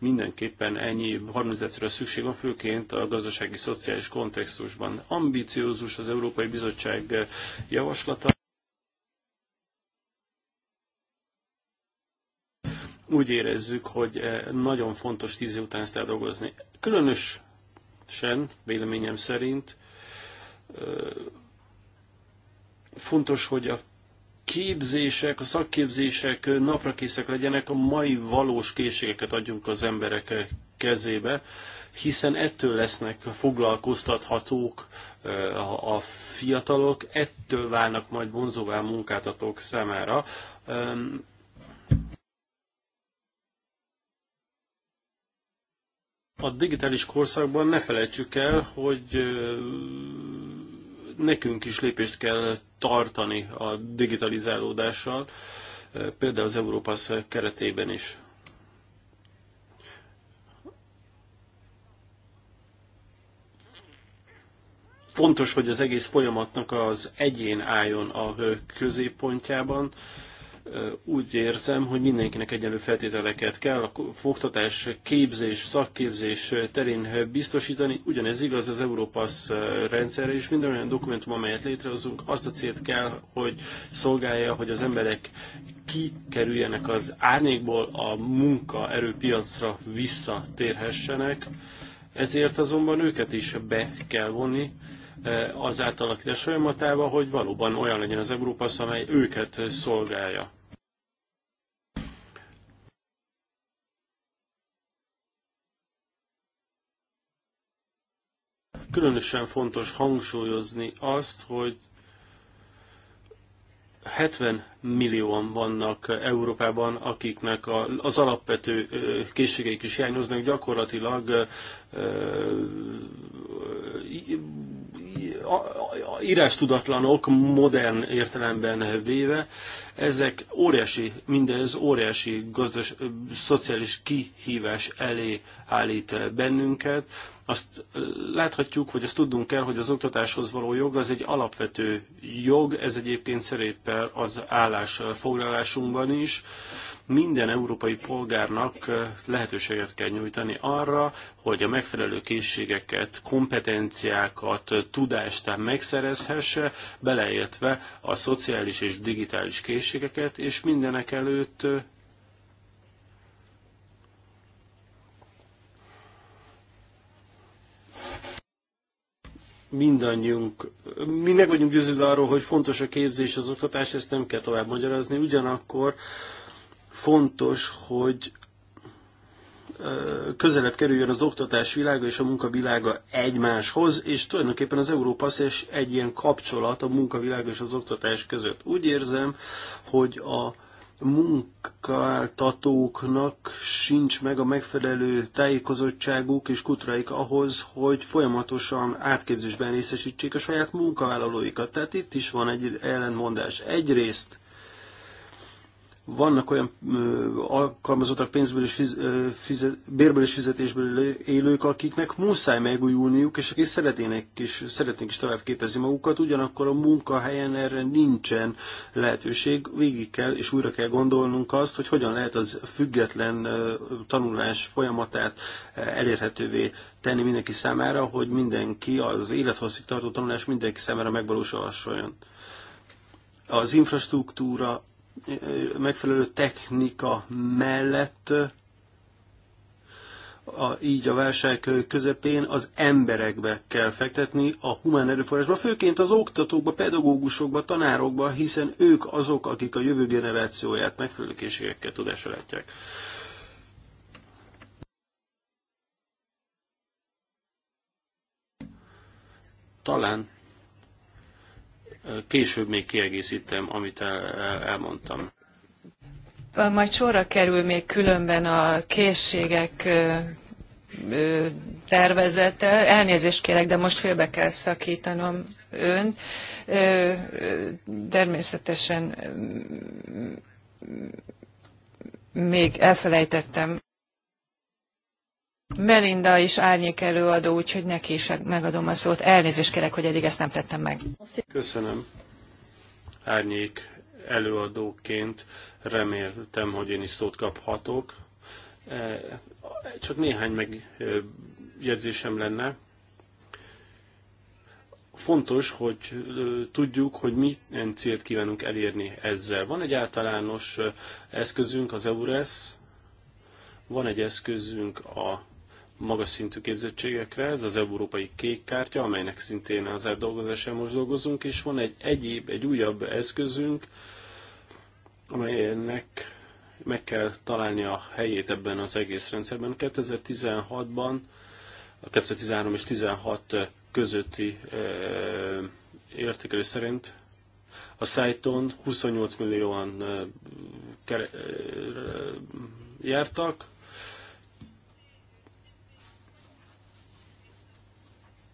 mindenképpen ennyi harmonizációra szükség van, főként a gazdasági szociális kontextusban. Ambiciózus az Európai Bizottság javaslata. Úgy érezzük, hogy eh, nagyon fontos tíz év után ezt eldolgozni. Különösen, véleményem szerint, eh, fontos, hogy a képzések, a szakképzések naprakészek legyenek, a mai valós készségeket adjunk az emberek kezébe, hiszen ettől lesznek foglalkoztathatók eh, a fiatalok, ettől válnak majd vonzóvá munkáltatók számára. A digitális korszakban ne felejtsük el, hogy eh, nekünk is lépést kell tartani a digitalizálódással, például az Európasz keretében is. Fontos, hogy az egész folyamatnak az egyén álljon a középpontjában, úgy érzem, hogy mindenkinek egyenlő feltételeket kell a fogtatás, képzés, szakképzés terén biztosítani. Ugyanez igaz az Európasz rendszerre is. Minden olyan dokumentum, amelyet létrehozunk, azt a célt kell, hogy szolgálja, hogy az emberek kikerüljenek az árnyékból a munkaerőpiacra visszatérhessenek. Ezért azonban őket is be kell vonni Eh, az átalakítás folyamatában, hogy valóban olyan legyen az Európa, amely őket szolgálja. Különösen fontos hangsúlyozni azt, hogy 70 millióan vannak Európában, akiknek az alapvető készségeik is hiányoznak, gyakorlatilag írástudatlanok modern értelemben véve. Ezek óriási, mindez óriási gazdas, szociális kihívás elé állít bennünket azt láthatjuk, hogy azt tudnunk kell, hogy az oktatáshoz való jog az egy alapvető jog, ez egyébként szerepel az állásfoglalásunkban is. Minden európai polgárnak lehetőséget kell nyújtani arra, hogy a megfelelő készségeket, kompetenciákat, tudást megszerezhesse, beleértve a szociális és digitális készségeket, és mindenek előtt mindannyiunk, mi meg vagyunk győződve arról, hogy fontos a képzés, az oktatás, ezt nem kell tovább magyarázni, ugyanakkor fontos, hogy közelebb kerüljön az oktatás világa és a munkavilága egymáshoz, és tulajdonképpen az Európa és egy ilyen kapcsolat a munkavilága és az oktatás között. Úgy érzem, hogy a munkáltatóknak sincs meg a megfelelő tájékozottságuk és kutraik ahhoz, hogy folyamatosan átképzésben részesítsék a saját munkavállalóikat. Tehát itt is van egy ellentmondás. Egyrészt vannak olyan alkalmazottak pénzből és bérből és fizetésből élők, akiknek muszáj megújulniuk, és akik szeretnének is, szeretnék is tovább képezni magukat, ugyanakkor a munkahelyen erre nincsen lehetőség. Végig kell és újra kell gondolnunk azt, hogy hogyan lehet az független tanulás folyamatát elérhetővé tenni mindenki számára, hogy mindenki, az élethosszig tartó tanulás mindenki számára megvalósulhasson. Az infrastruktúra, megfelelő technika mellett a, így a válság közepén az emberekbe kell fektetni, a humán erőforrásba, főként az oktatókba, pedagógusokba, tanárokba, hiszen ők azok, akik a jövő generációját megfelelő készségekkel tudásra látják. Talán Később még kiegészítem, amit elmondtam. Majd sorra kerül még különben a készségek tervezete. Elnézést kérek, de most félbe kell szakítanom ön. Természetesen még elfelejtettem. Melinda is árnyék előadó, úgyhogy neki is megadom a szót. Elnézést kérek, hogy eddig ezt nem tettem meg. Köszönöm. Árnyék előadóként reméltem, hogy én is szót kaphatok. E, csak néhány megjegyzésem lenne. Fontos, hogy tudjuk, hogy milyen célt kívánunk elérni ezzel. Van egy általános eszközünk, az EURES, van egy eszközünk a magas szintű képzettségekre, ez az európai kék kártya, amelynek szintén az átdolgozásán most dolgozunk, és van egy egyéb, egy újabb eszközünk, amelynek meg kell találni a helyét ebben az egész rendszerben. 2016-ban, 2013 és 16 közötti eh, értékelő szerint a szájton 28 millióan eh, eh, jártak,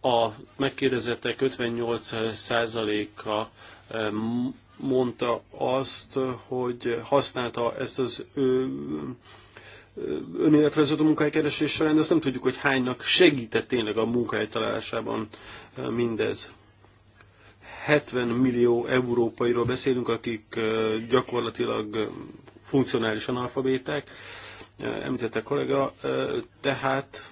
A megkérdezettek 58%-a eh, mondta azt, hogy használta ezt az önéletrajzot a munkahelykeresés során, de azt nem tudjuk, hogy hánynak segített tényleg a munkahely találásában eh, mindez. 70 millió európairól beszélünk, akik eh, gyakorlatilag funkcionális analfabéták, említette a kollega, tehát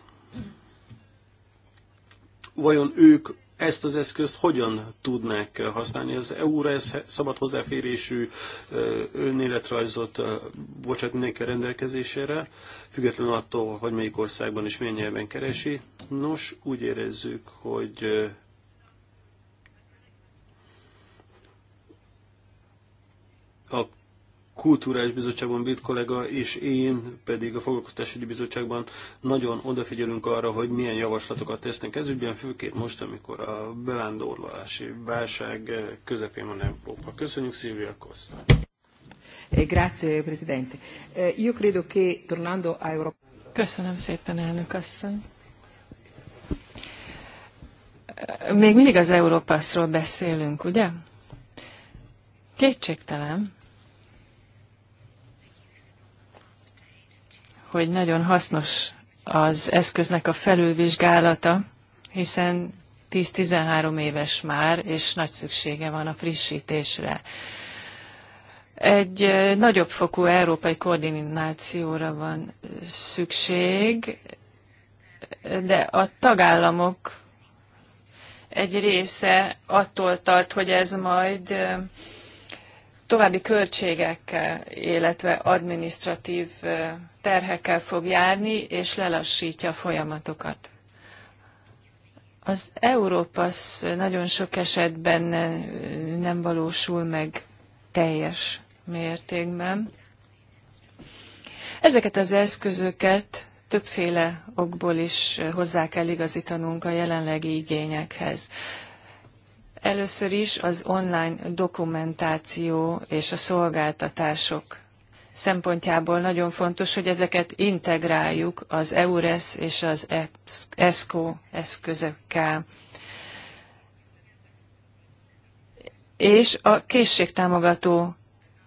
vajon ők ezt az eszközt hogyan tudnák használni? Az EU-ra ez szabad hozzáférésű önéletrajzot bocsát mindenki rendelkezésére, függetlenül attól, hogy melyik országban és milyen nyelven keresi. Nos, úgy érezzük, hogy a kulturális bizottságban Brit kollega és én pedig a foglalkoztatásügyi bizottságban nagyon odafigyelünk arra, hogy milyen javaslatokat tesznek ez ügyben, főként most, amikor a bevándorlási válság közepén van Európa. Köszönjük, Szilvia Costa. Eh, grazie, Presidente. Eh, io credo che tornando a Europa... Köszönöm szépen, elnök asszony. Eh, még mindig az Európaszról beszélünk, ugye? Kétségtelen, hogy nagyon hasznos az eszköznek a felülvizsgálata, hiszen 10-13 éves már, és nagy szüksége van a frissítésre. Egy nagyobb fokú európai koordinációra van szükség, de a tagállamok egy része attól tart, hogy ez majd további költségekkel, illetve administratív terhekkel fog járni, és lelassítja a folyamatokat. Az Európasz nagyon sok esetben nem valósul meg teljes mértékben. Ezeket az eszközöket többféle okból is hozzá kell igazítanunk a jelenlegi igényekhez. Először is az online dokumentáció és a szolgáltatások szempontjából nagyon fontos, hogy ezeket integráljuk az EURES és az ESCO eszközökkel. És a készségtámogató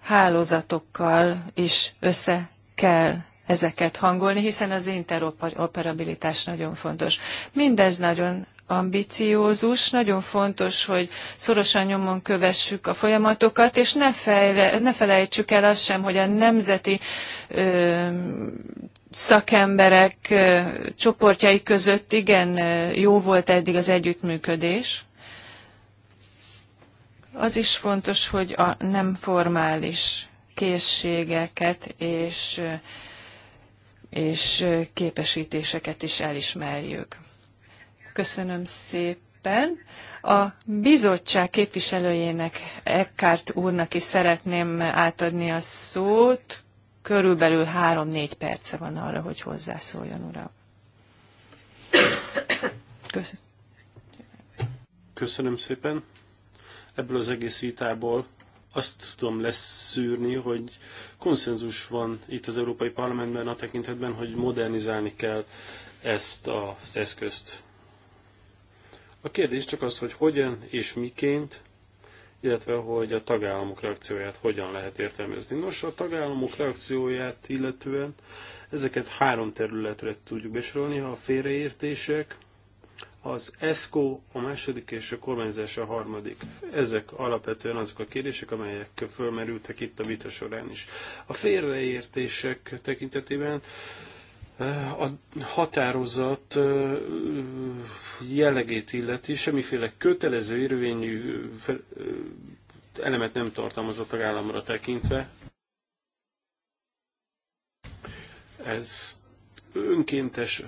hálózatokkal is össze kell ezeket hangolni, hiszen az interoperabilitás nagyon fontos. Mindez nagyon ambiciózus, nagyon fontos, hogy szorosan nyomon kövessük a folyamatokat, és ne, fejle, ne felejtsük el azt sem, hogy a nemzeti ö, szakemberek ö, csoportjai között igen jó volt eddig az együttműködés. Az is fontos, hogy a nem formális készségeket és, és képesítéseket is elismerjük. Köszönöm szépen. A bizottság képviselőjének, Eckart úrnak is szeretném átadni a szót. Körülbelül három-négy perce van arra, hogy hozzászóljon, uram. Köszönöm. Köszönöm szépen. Ebből az egész vitából azt tudom leszűrni, hogy konszenzus van itt az Európai Parlamentben a tekintetben, hogy modernizálni kell ezt az eszközt. A kérdés csak az, hogy hogyan és miként, illetve hogy a tagállamok reakcióját hogyan lehet értelmezni. Nos, a tagállamok reakcióját illetően ezeket három területre tudjuk besorolni, ha a félreértések, az ESCO a második és a kormányzás a harmadik. Ezek alapvetően azok a kérdések, amelyek fölmerültek itt a vita során is. A félreértések tekintetében a határozat jellegét illeti, semmiféle kötelező érvényű elemet nem tartalmaz a tagállamra tekintve. Ez önkéntes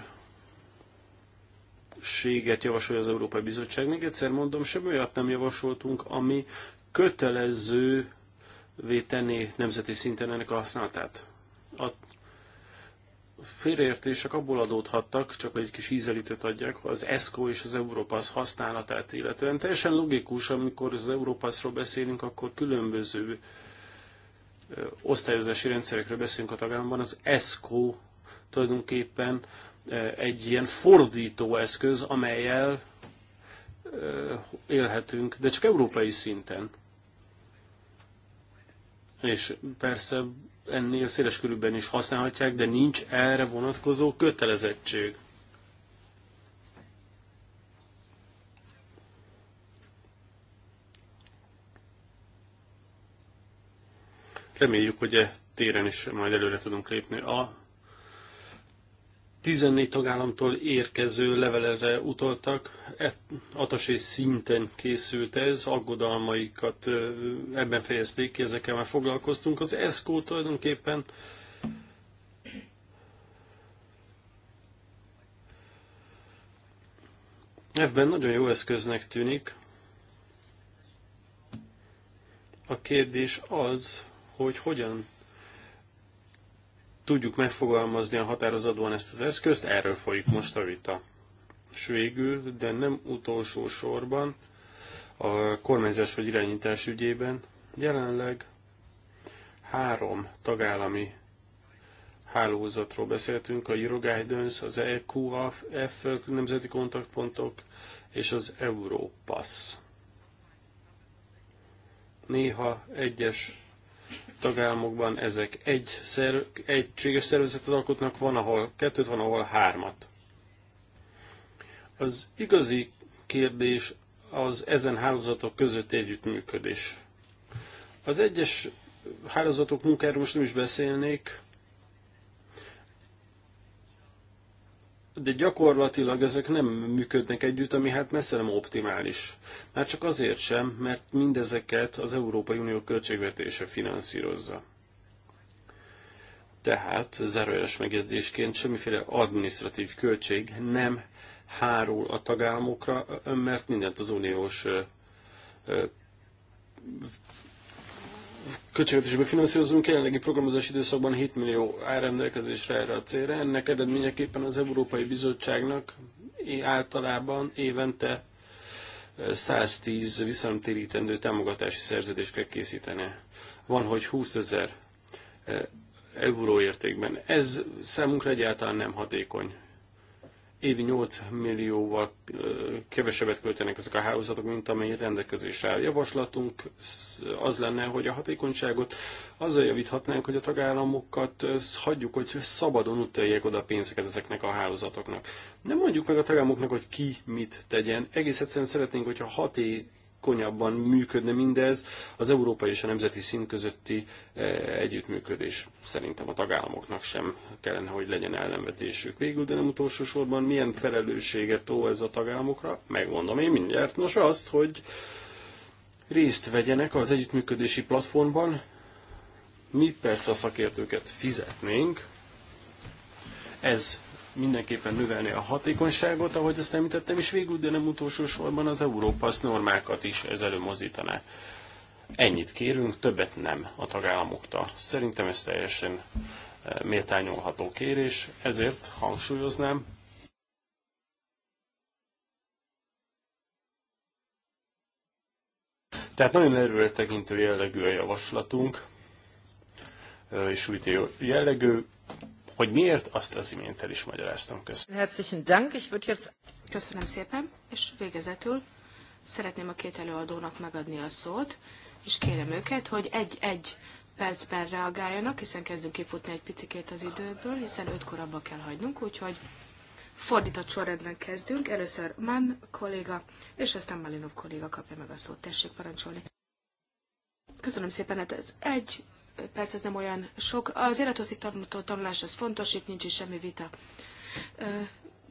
séget javasolja az Európai Bizottság. Még egyszer mondom, semmi olyat nem javasoltunk, ami kötelező tenni nemzeti szinten ennek a használatát. A félreértések abból adódhattak, csak hogy egy kis ízelítőt adjak, az ESCO és az Európasz használatát illetően. Teljesen logikus, amikor az Európaszról beszélünk, akkor különböző osztályozási rendszerekről beszélünk a tagállamban. Az ESCO tulajdonképpen egy ilyen fordító eszköz, amelyel élhetünk, de csak európai szinten. És persze ennél széles körülben is használhatják, de nincs erre vonatkozó kötelezettség. Reméljük, hogy e téren is majd előre tudunk lépni. A 14 tagállamtól érkező levelre utaltak, atasé szinten készült ez, aggodalmaikat ebben fejezték ki, ezekkel már foglalkoztunk. Az ESCO tulajdonképpen ebben nagyon jó eszköznek tűnik. A kérdés az, hogy hogyan tudjuk megfogalmazni a határozatban ezt az eszközt, erről folyik most a vita. És végül, de nem utolsó sorban, a kormányzás vagy irányítás ügyében jelenleg három tagállami hálózatról beszéltünk, a Euroguidance, az EQF nemzeti kontaktpontok és az Europass. Néha egyes tagállamokban ezek egy szerv, egységes szervezetet alkotnak, van ahol kettőt, van ahol hármat. Az igazi kérdés az ezen hálózatok között együttműködés. Az egyes hálózatok munkáról most nem is beszélnék, de gyakorlatilag ezek nem működnek együtt, ami hát messze nem optimális. Már csak azért sem, mert mindezeket az Európai Unió költségvetése finanszírozza. Tehát zárójeles megjegyzésként semmiféle administratív költség nem hárul a tagállamokra, mert mindent az uniós költségvetésből finanszírozunk, jelenlegi programozási időszakban 7 millió áll rendelkezésre erre a célra. Ennek eredményeképpen az Európai Bizottságnak általában évente 110 visszatérítendő támogatási szerződést kell készíteni. Van, hogy 20 ezer euró értékben. Ez számunkra egyáltalán nem hatékony évi 8 millióval kevesebbet költenek ezek a hálózatok, mint amely rendelkezésre áll. Javaslatunk az lenne, hogy a hatékonyságot azzal javíthatnánk, hogy a tagállamokat hagyjuk, hogy szabadon utaljék oda a pénzeket ezeknek a hálózatoknak. Nem mondjuk meg a tagállamoknak, hogy ki mit tegyen. Egész egyszerűen szeretnénk, hogyha haté hatékonyabban működne mindez az európai és a nemzeti szint közötti eh, együttműködés. Szerintem a tagállamoknak sem kellene, hogy legyen ellenvetésük. Végül, de nem utolsó sorban, milyen felelősséget ó ez a tagállamokra? Megmondom én mindjárt. Nos, azt, hogy részt vegyenek az együttműködési platformban, mi persze a szakértőket fizetnénk, ez mindenképpen növelni a hatékonyságot, ahogy azt említettem, és végül, de nem utolsó sorban az Európasz normákat is ez előmozítaná. Ennyit kérünk, többet nem a tagállamoktól. Szerintem ez teljesen eh, méltányolható kérés, ezért hangsúlyoznám, Tehát nagyon tekintő jellegű a javaslatunk, eh, és úgy jellegű, hogy miért, azt az imént el is magyaráztam. Köszönöm. Herzlichen Dank, ich würde jetzt... Köszönöm szépen, és végezetül szeretném a két előadónak megadni a szót, és kérem őket, hogy egy-egy percben reagáljanak, hiszen kezdünk kifutni egy picikét az időből, hiszen ötkor abba kell hagynunk, úgyhogy fordított sorrendben kezdünk. Először Mann kolléga, és aztán Malinov kolléga kapja meg a szót. Tessék parancsolni. Köszönöm szépen, hát ez egy perc ez nem olyan sok. Az élethozik tanuló tanulás az fontos, itt nincs is semmi vita.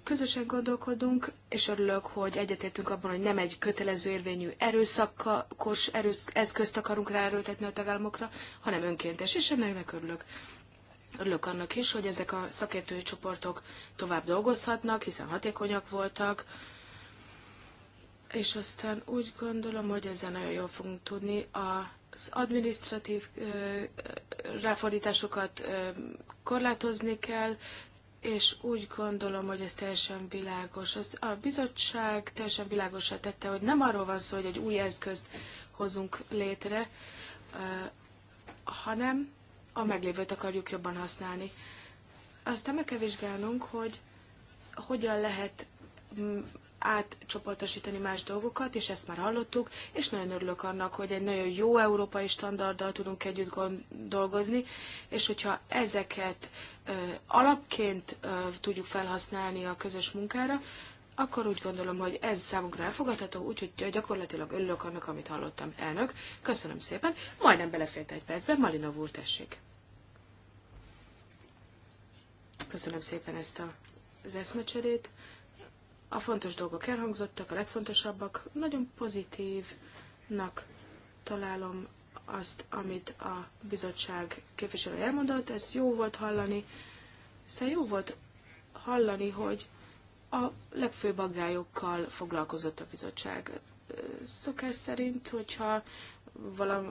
Közösen gondolkodunk, és örülök, hogy egyetértünk abban, hogy nem egy kötelező érvényű erőszakos eszközt akarunk ráerőltetni a tagállamokra, hanem önkéntes, és ennek örülök. Örülök annak is, hogy ezek a szakértői csoportok tovább dolgozhatnak, hiszen hatékonyak voltak, és aztán úgy gondolom, hogy ezzel nagyon jól fogunk tudni a az administratív ráfordításokat korlátozni kell, és úgy gondolom, hogy ez teljesen világos. Az, a bizottság teljesen világosra tette, hogy nem arról van szó, hogy egy új eszközt hozunk létre, hanem a meglévőt akarjuk jobban használni. Aztán meg kell vizsgálnunk, hogy hogyan lehet átcsoportosítani más dolgokat, és ezt már hallottuk, és nagyon örülök annak, hogy egy nagyon jó európai standarddal tudunk együtt dolgozni, és hogyha ezeket ö, alapként ö, tudjuk felhasználni a közös munkára, akkor úgy gondolom, hogy ez számunkra elfogadható, úgyhogy gyakorlatilag örülök annak, amit hallottam, elnök. Köszönöm szépen. Majdnem belefért egy percbe. Malina úr, tessék. Köszönöm szépen ezt a, az eszmecserét a fontos dolgok elhangzottak, a legfontosabbak. Nagyon pozitívnak találom azt, amit a bizottság képviselő elmondott. Ez jó volt hallani. Hiszen jó volt hallani, hogy a legfőbb aggályokkal foglalkozott a bizottság. Szokás szerint, hogyha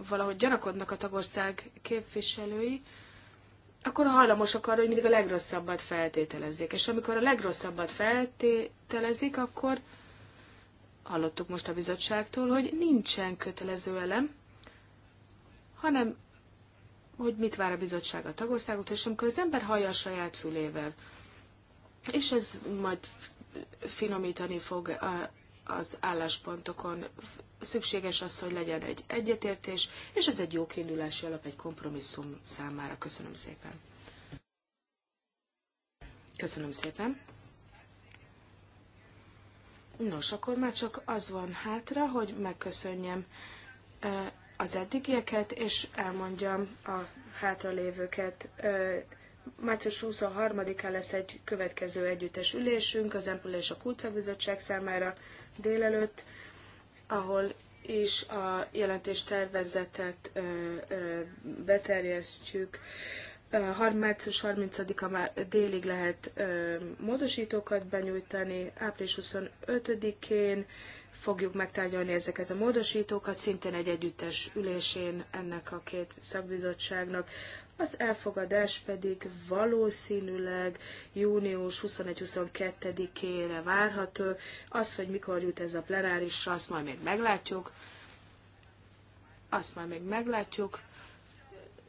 valahogy gyanakodnak a tagország képviselői, akkor hajlamosak arra, hogy mindig a legrosszabbat feltételezzék. És amikor a legrosszabbat feltételezik, akkor hallottuk most a bizottságtól, hogy nincsen kötelező elem, hanem hogy mit vár a bizottság a tagországot, és amikor az ember hallja a saját fülével, és ez majd finomítani fog az álláspontokon. Szükséges az, hogy legyen egy egyetértés, és ez egy jó kiindulási alap egy kompromisszum számára. Köszönöm szépen. Köszönöm szépen. Nos, akkor már csak az van hátra, hogy megköszönjem az eddigieket, és elmondjam a hátralévőket. Március 23-án lesz egy következő együttes ülésünk az Empul és a Kulca Bizottság számára délelőtt, ahol is a jelentés tervezetet beterjesztjük. 3. március 30-a már délig lehet módosítókat benyújtani, április 25-én fogjuk megtárgyalni ezeket a módosítókat, szintén egy együttes ülésén ennek a két szakbizottságnak az elfogadás pedig valószínűleg június 21-22-ére várható. Az, hogy mikor jut ez a plenárisra, azt majd még meglátjuk. Azt majd még meglátjuk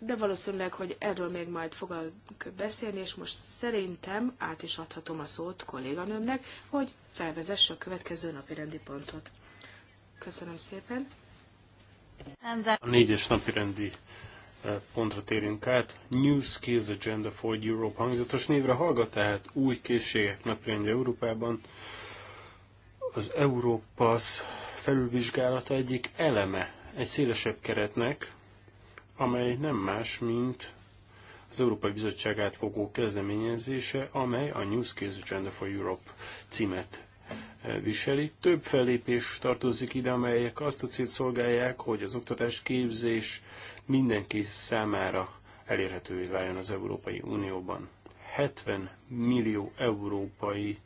de valószínűleg, hogy erről még majd fogok beszélni, és most szerintem át is adhatom a szót kolléganőmnek, hogy felvezesse a következő napi rendi pontot. Köszönöm szépen. A négyes napi rendi pontra térünk át. New Skills Agenda for Europe hangzatos névre hallgat, tehát új készségek napirendje Európában. Az Európasz felülvizsgálata egyik eleme egy szélesebb keretnek, amely nem más, mint az Európai Bizottság átfogó kezdeményezése, amely a New Skills Agenda for Europe címet e, viseli. Több fellépés tartozik ide, amelyek azt a célt szolgálják, hogy az oktatás képzés mindenki számára elérhetővé váljon az Európai Unióban. 70 millió európai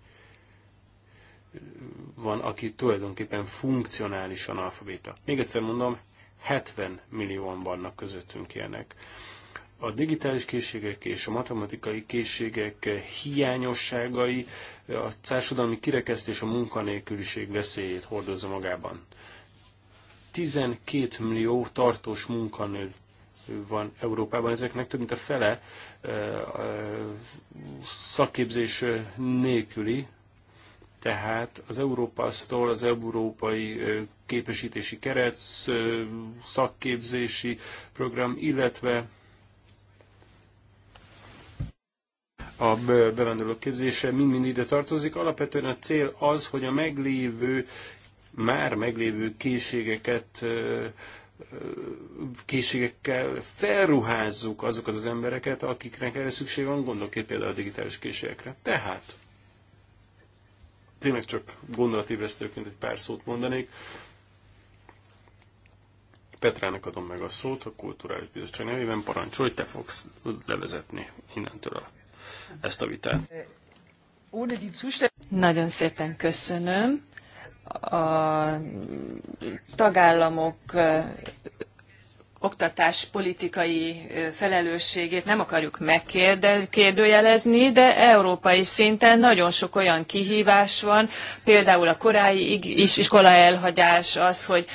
van, aki tulajdonképpen funkcionális analfabéta. Még egyszer mondom, 70 millióan vannak közöttünk ilyenek. A digitális készségek és a matematikai készségek hiányosságai a társadalmi kirekesztés, a munkanélküliség veszélyét hordozza magában. 12 millió tartós munkanő van Európában, ezeknek több mint a fele szakképzés nélküli, tehát az Európasztól az európai képesítési keret, szakképzési program, illetve a bevándorlók képzése mind-mind ide tartozik. Alapvetően a cél az, hogy a meglévő már meglévő készségeket készségekkel felruházzuk azokat az embereket, akiknek erre szükség van, gondolok itt például a digitális készségekre. Tehát, tényleg csak gondolatébresztőként egy pár szót mondanék. Petrának adom meg a szót, a Kulturális Bizottság nevében parancsolj, te fogsz levezetni innentől a, ezt a vitát. Nagyon szépen köszönöm a tagállamok oktatás politikai felelősségét nem akarjuk megkérdőjelezni, de európai szinten nagyon sok olyan kihívás van, például a korai is iskola elhagyás, az, hogy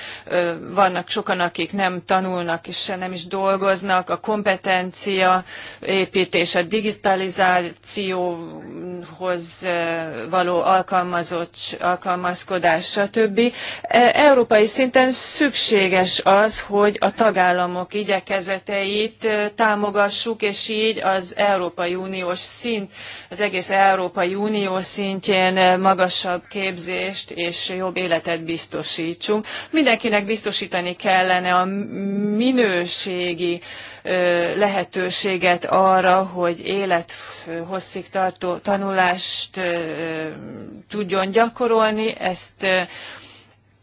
vannak sokan, akik nem tanulnak és nem is dolgoznak, a kompetencia építés, a digitalizációhoz való alkalmazkodás, stb. E, európai szinten szükséges az, hogy a tagállamok tagállamok igyekezeteit támogassuk, és így az Európai Uniós szint, az egész Európai Unió szintjén magasabb képzést és jobb életet biztosítsunk. Mindenkinek biztosítani kellene a minőségi lehetőséget arra, hogy élethosszig tartó tanulást tudjon gyakorolni. Ezt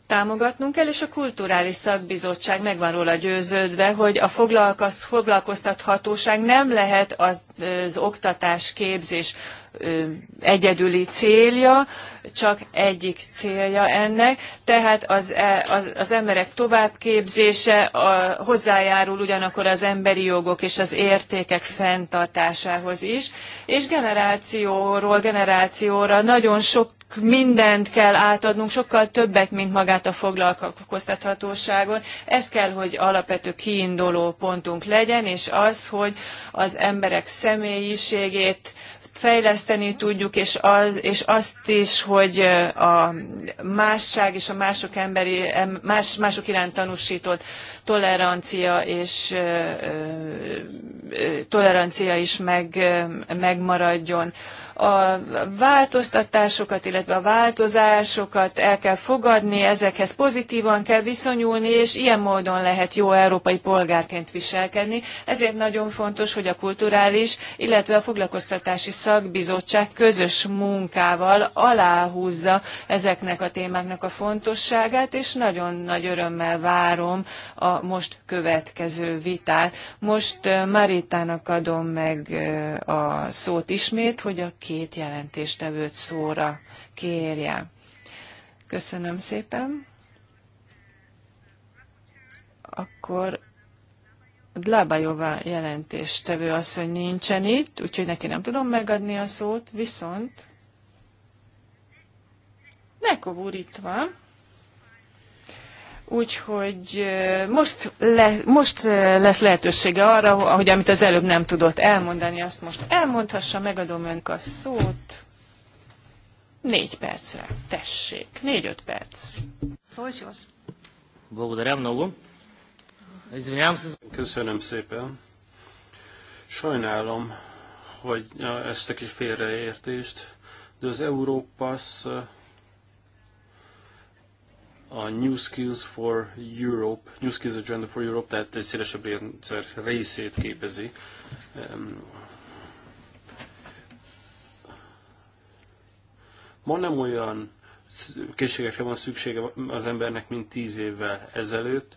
támogatnunk kell, és a Kulturális Szakbizottság meg van róla győződve, hogy a foglalkoztathatóság nem lehet az, oktatás képzés egyedüli célja, csak egyik célja ennek, tehát az, e, az, az emberek továbbképzése a, hozzájárul ugyanakkor az emberi jogok és az értékek fenntartásához is, és generációról generációra nagyon sok mindent kell átadnunk, sokkal többet, mint magát a foglalkoztathatóságot. Ez kell, hogy alapvető kiinduló pontunk legyen, és az, hogy az emberek személyiségét fejleszteni tudjuk, és, az, és azt is, hogy a másság és a mások, emberi, más, mások iránt tanúsított tolerancia és tolerancia is meg, megmaradjon a változtatásokat, illetve a változásokat el kell fogadni, ezekhez pozitívan kell viszonyulni, és ilyen módon lehet jó európai polgárként viselkedni. Ezért nagyon fontos, hogy a kulturális, illetve a foglalkoztatási szakbizottság közös munkával aláhúzza ezeknek a témáknak a fontosságát, és nagyon nagy örömmel várom a most következő vitát. Most eh, Maritának adom meg eh, a szót ismét, hogy a két jelentéstevőt szóra kérje. Köszönöm szépen. Akkor Dlabajova jelentéstevő asszony nincsen itt, úgyhogy neki nem tudom megadni a szót, viszont Nekov úr itt van. Úgyhogy most, le, most lesz lehetősége arra, hogy amit az előbb nem tudott elmondani, azt most elmondhassa, megadom önk a szót. Négy percre, tessék, négy-öt perc. Szóval Köszönöm szépen. Sajnálom, hogy ezt a kis félreértést, de az Európasz a New Skills for Europe, New Skills Agenda for Europe, tehát egy szélesebb rendszer részét képezi. Ma nem olyan készségekre van szüksége az embernek, mint tíz évvel ezelőtt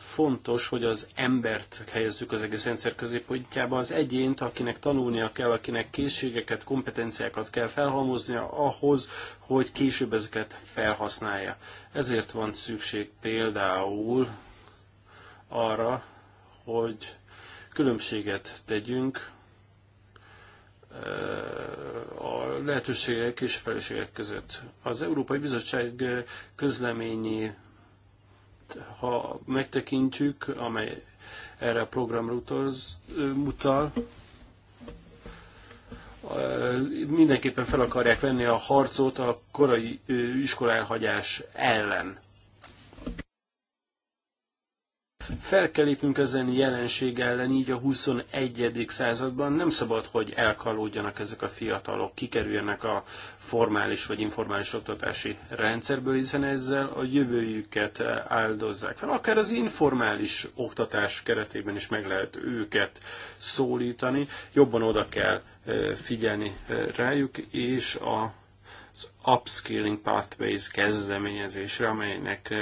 fontos, hogy az embert helyezzük az egész rendszer középpontjába, az egyént, akinek tanulnia kell, akinek készségeket, kompetenciákat kell felhalmoznia ahhoz, hogy később ezeket felhasználja. Ezért van szükség például arra, hogy különbséget tegyünk eh, a lehetőségek és a felelősségek között. Az Európai Bizottság eh, közleményi ha megtekintjük, amely erre a programra utaz, mutal, mindenképpen fel akarják venni a harcot a korai iskolálhagyás ellen. Fel kell lépnünk ezen jelenség ellen így a 21. században. Nem szabad, hogy elkalódjanak ezek a fiatalok, kikerüljenek a formális vagy informális oktatási rendszerből, hiszen ezzel a jövőjüket eh, áldozzák fel. Akár az informális oktatás keretében is meg lehet őket szólítani. Jobban oda kell eh, figyelni eh, rájuk, és a az Upskilling Pathways kezdeményezésre, amelynek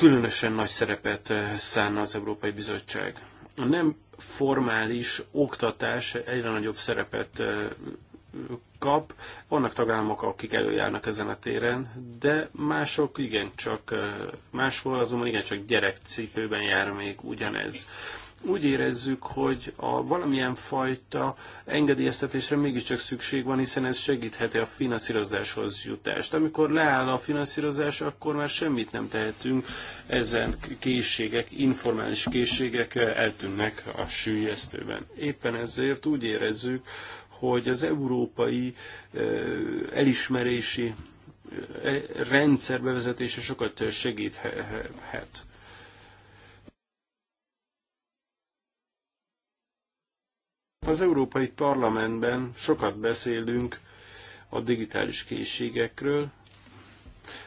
különösen nagy szerepet eh, szánna az Európai Bizottság. A nem formális oktatás egyre nagyobb szerepet eh, kap. Vannak tagállamok, akik előjárnak ezen a téren, de mások igencsak, eh, máshol azonban igencsak gyerekcipőben jár még ugyanez úgy érezzük, hogy a valamilyen fajta engedélyeztetésre mégiscsak szükség van, hiszen ez segítheti a finanszírozáshoz jutást. Amikor leáll a finanszírozás, akkor már semmit nem tehetünk, ezen készségek, informális készségek eltűnnek a sűjesztőben. Éppen ezért úgy érezzük, hogy az európai elismerési e, rendszer bevezetése sokat segíthet Az Európai Parlamentben sokat beszélünk a digitális készségekről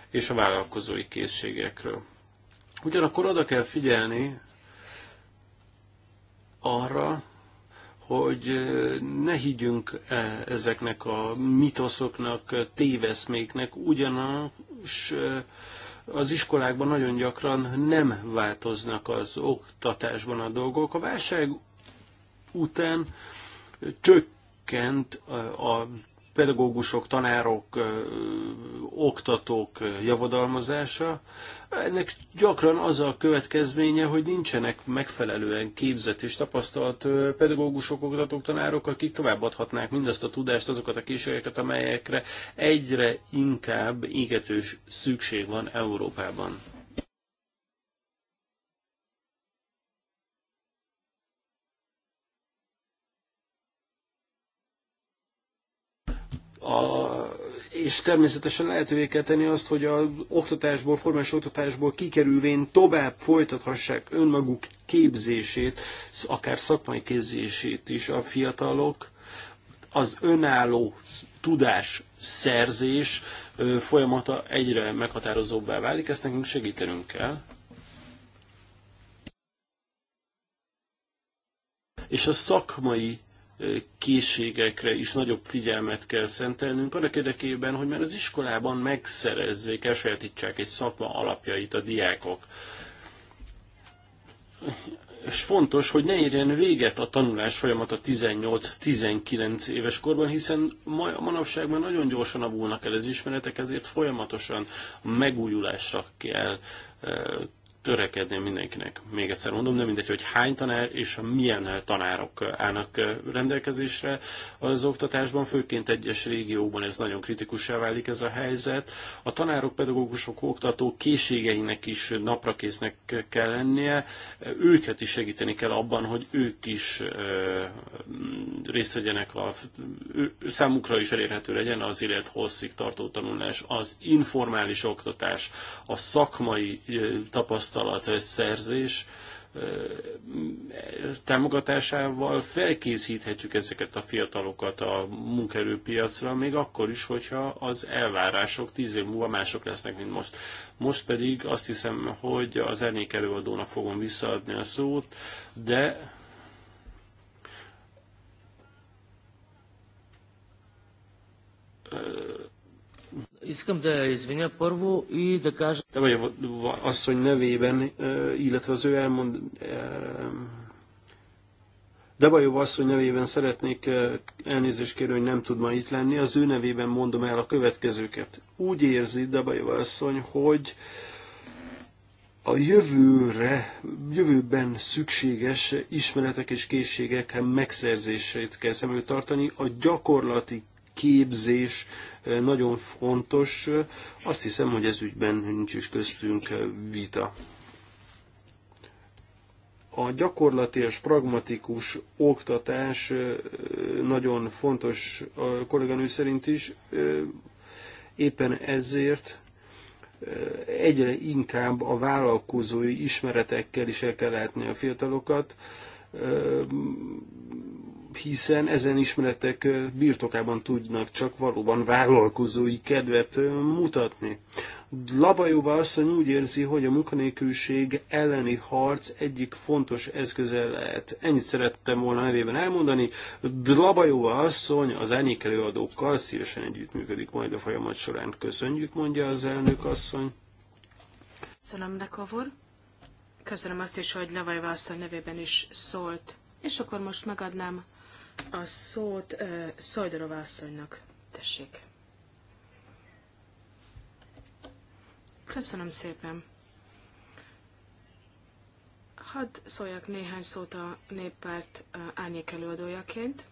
és a vállalkozói készségekről. Ugyanakkor oda kell figyelni arra, hogy ne higgyünk ezeknek a mitoszoknak, téveszméknek, ugyanis az iskolákban nagyon gyakran nem változnak az oktatásban a dolgok. A válság után csökkent a pedagógusok, tanárok, oktatók javadalmazása. Ennek gyakran az a következménye, hogy nincsenek megfelelően képzett és tapasztalt pedagógusok, oktatók, tanárok, akik továbbadhatnák mindazt a tudást, azokat a készségeket, amelyekre egyre inkább égetős szükség van Európában. A, és természetesen lehetővé kell tenni azt, hogy az oktatásból, formális oktatásból kikerülvén tovább folytathassák önmaguk képzését, akár szakmai képzését is a fiatalok. Az önálló tudás szerzés folyamata egyre meghatározóbbá válik, ezt nekünk segítenünk kell. És a szakmai készségekre is nagyobb figyelmet kell szentelnünk, annak érdekében, hogy már az iskolában megszerezzék, esetítsák egy szakma alapjait a diákok. És fontos, hogy ne érjen véget a tanulás folyamat a 18-19 éves korban, hiszen ma manapság már nagyon gyorsan avulnak el az ismeretek, ezért folyamatosan megújulásra kell eh, törekedni mindenkinek. Még egyszer mondom, nem mindegy, hogy hány tanár és milyen tanárok állnak eh, rendelkezésre az oktatásban, főként egyes régióban ez nagyon kritikussá válik ez a helyzet. A tanárok, pedagógusok, oktatók készségeinek is naprakésznek kell lennie, őket is segíteni kell abban, hogy ők is eh, részt vegyenek, a, számukra is elérhető legyen az élet hosszig tartó tanulás, az informális oktatás, a szakmai eh, tapasztalat, tapasztalatszerzés támogatásával felkészíthetjük ezeket a fiatalokat a munkerőpiacra, még akkor is, hogyha az elvárások tíz év múlva mások lesznek, mint most. Most pedig azt hiszem, hogy az zenék előadónak fogom visszaadni a szót, de Искам да извиня първо и да кажа... vagy a asszony nevében, illetve az ő elmond... Debajov asszony nevében szeretnék elnézést kérni, hogy nem tud ma itt lenni. Az ő nevében mondom el a következőket. Úgy érzi Debajov asszony, hogy a jövőre, jövőben szükséges ismeretek és készségek megszerzését kell szem tartani, a gyakorlati képzés nagyon fontos. Azt hiszem, hogy ez ügyben nincs is köztünk vita. A gyakorlati és pragmatikus oktatás nagyon fontos a kolléganő szerint is. Éppen ezért egyre inkább a vállalkozói ismeretekkel is el kell látni a fiatalokat hiszen ezen ismeretek birtokában tudnak csak valóban vállalkozói kedvet mutatni. Labajova asszony úgy érzi, hogy a munkanélküliség elleni harc egyik fontos eszköze lehet. Ennyit szerettem volna nevében elmondani. Labajova asszony az előadókkal szívesen együttműködik majd a folyamat során. Köszönjük, mondja az elnök asszony. Köszönöm, Nekovor. Köszönöm azt is, hogy Lavajva asszony nevében is szólt. És akkor most megadnám a szót uh, Szajdarova asszonynak. Tessék. Köszönöm szépen. Hadd szóljak néhány szót a néppárt uh, árnyék előadójaként.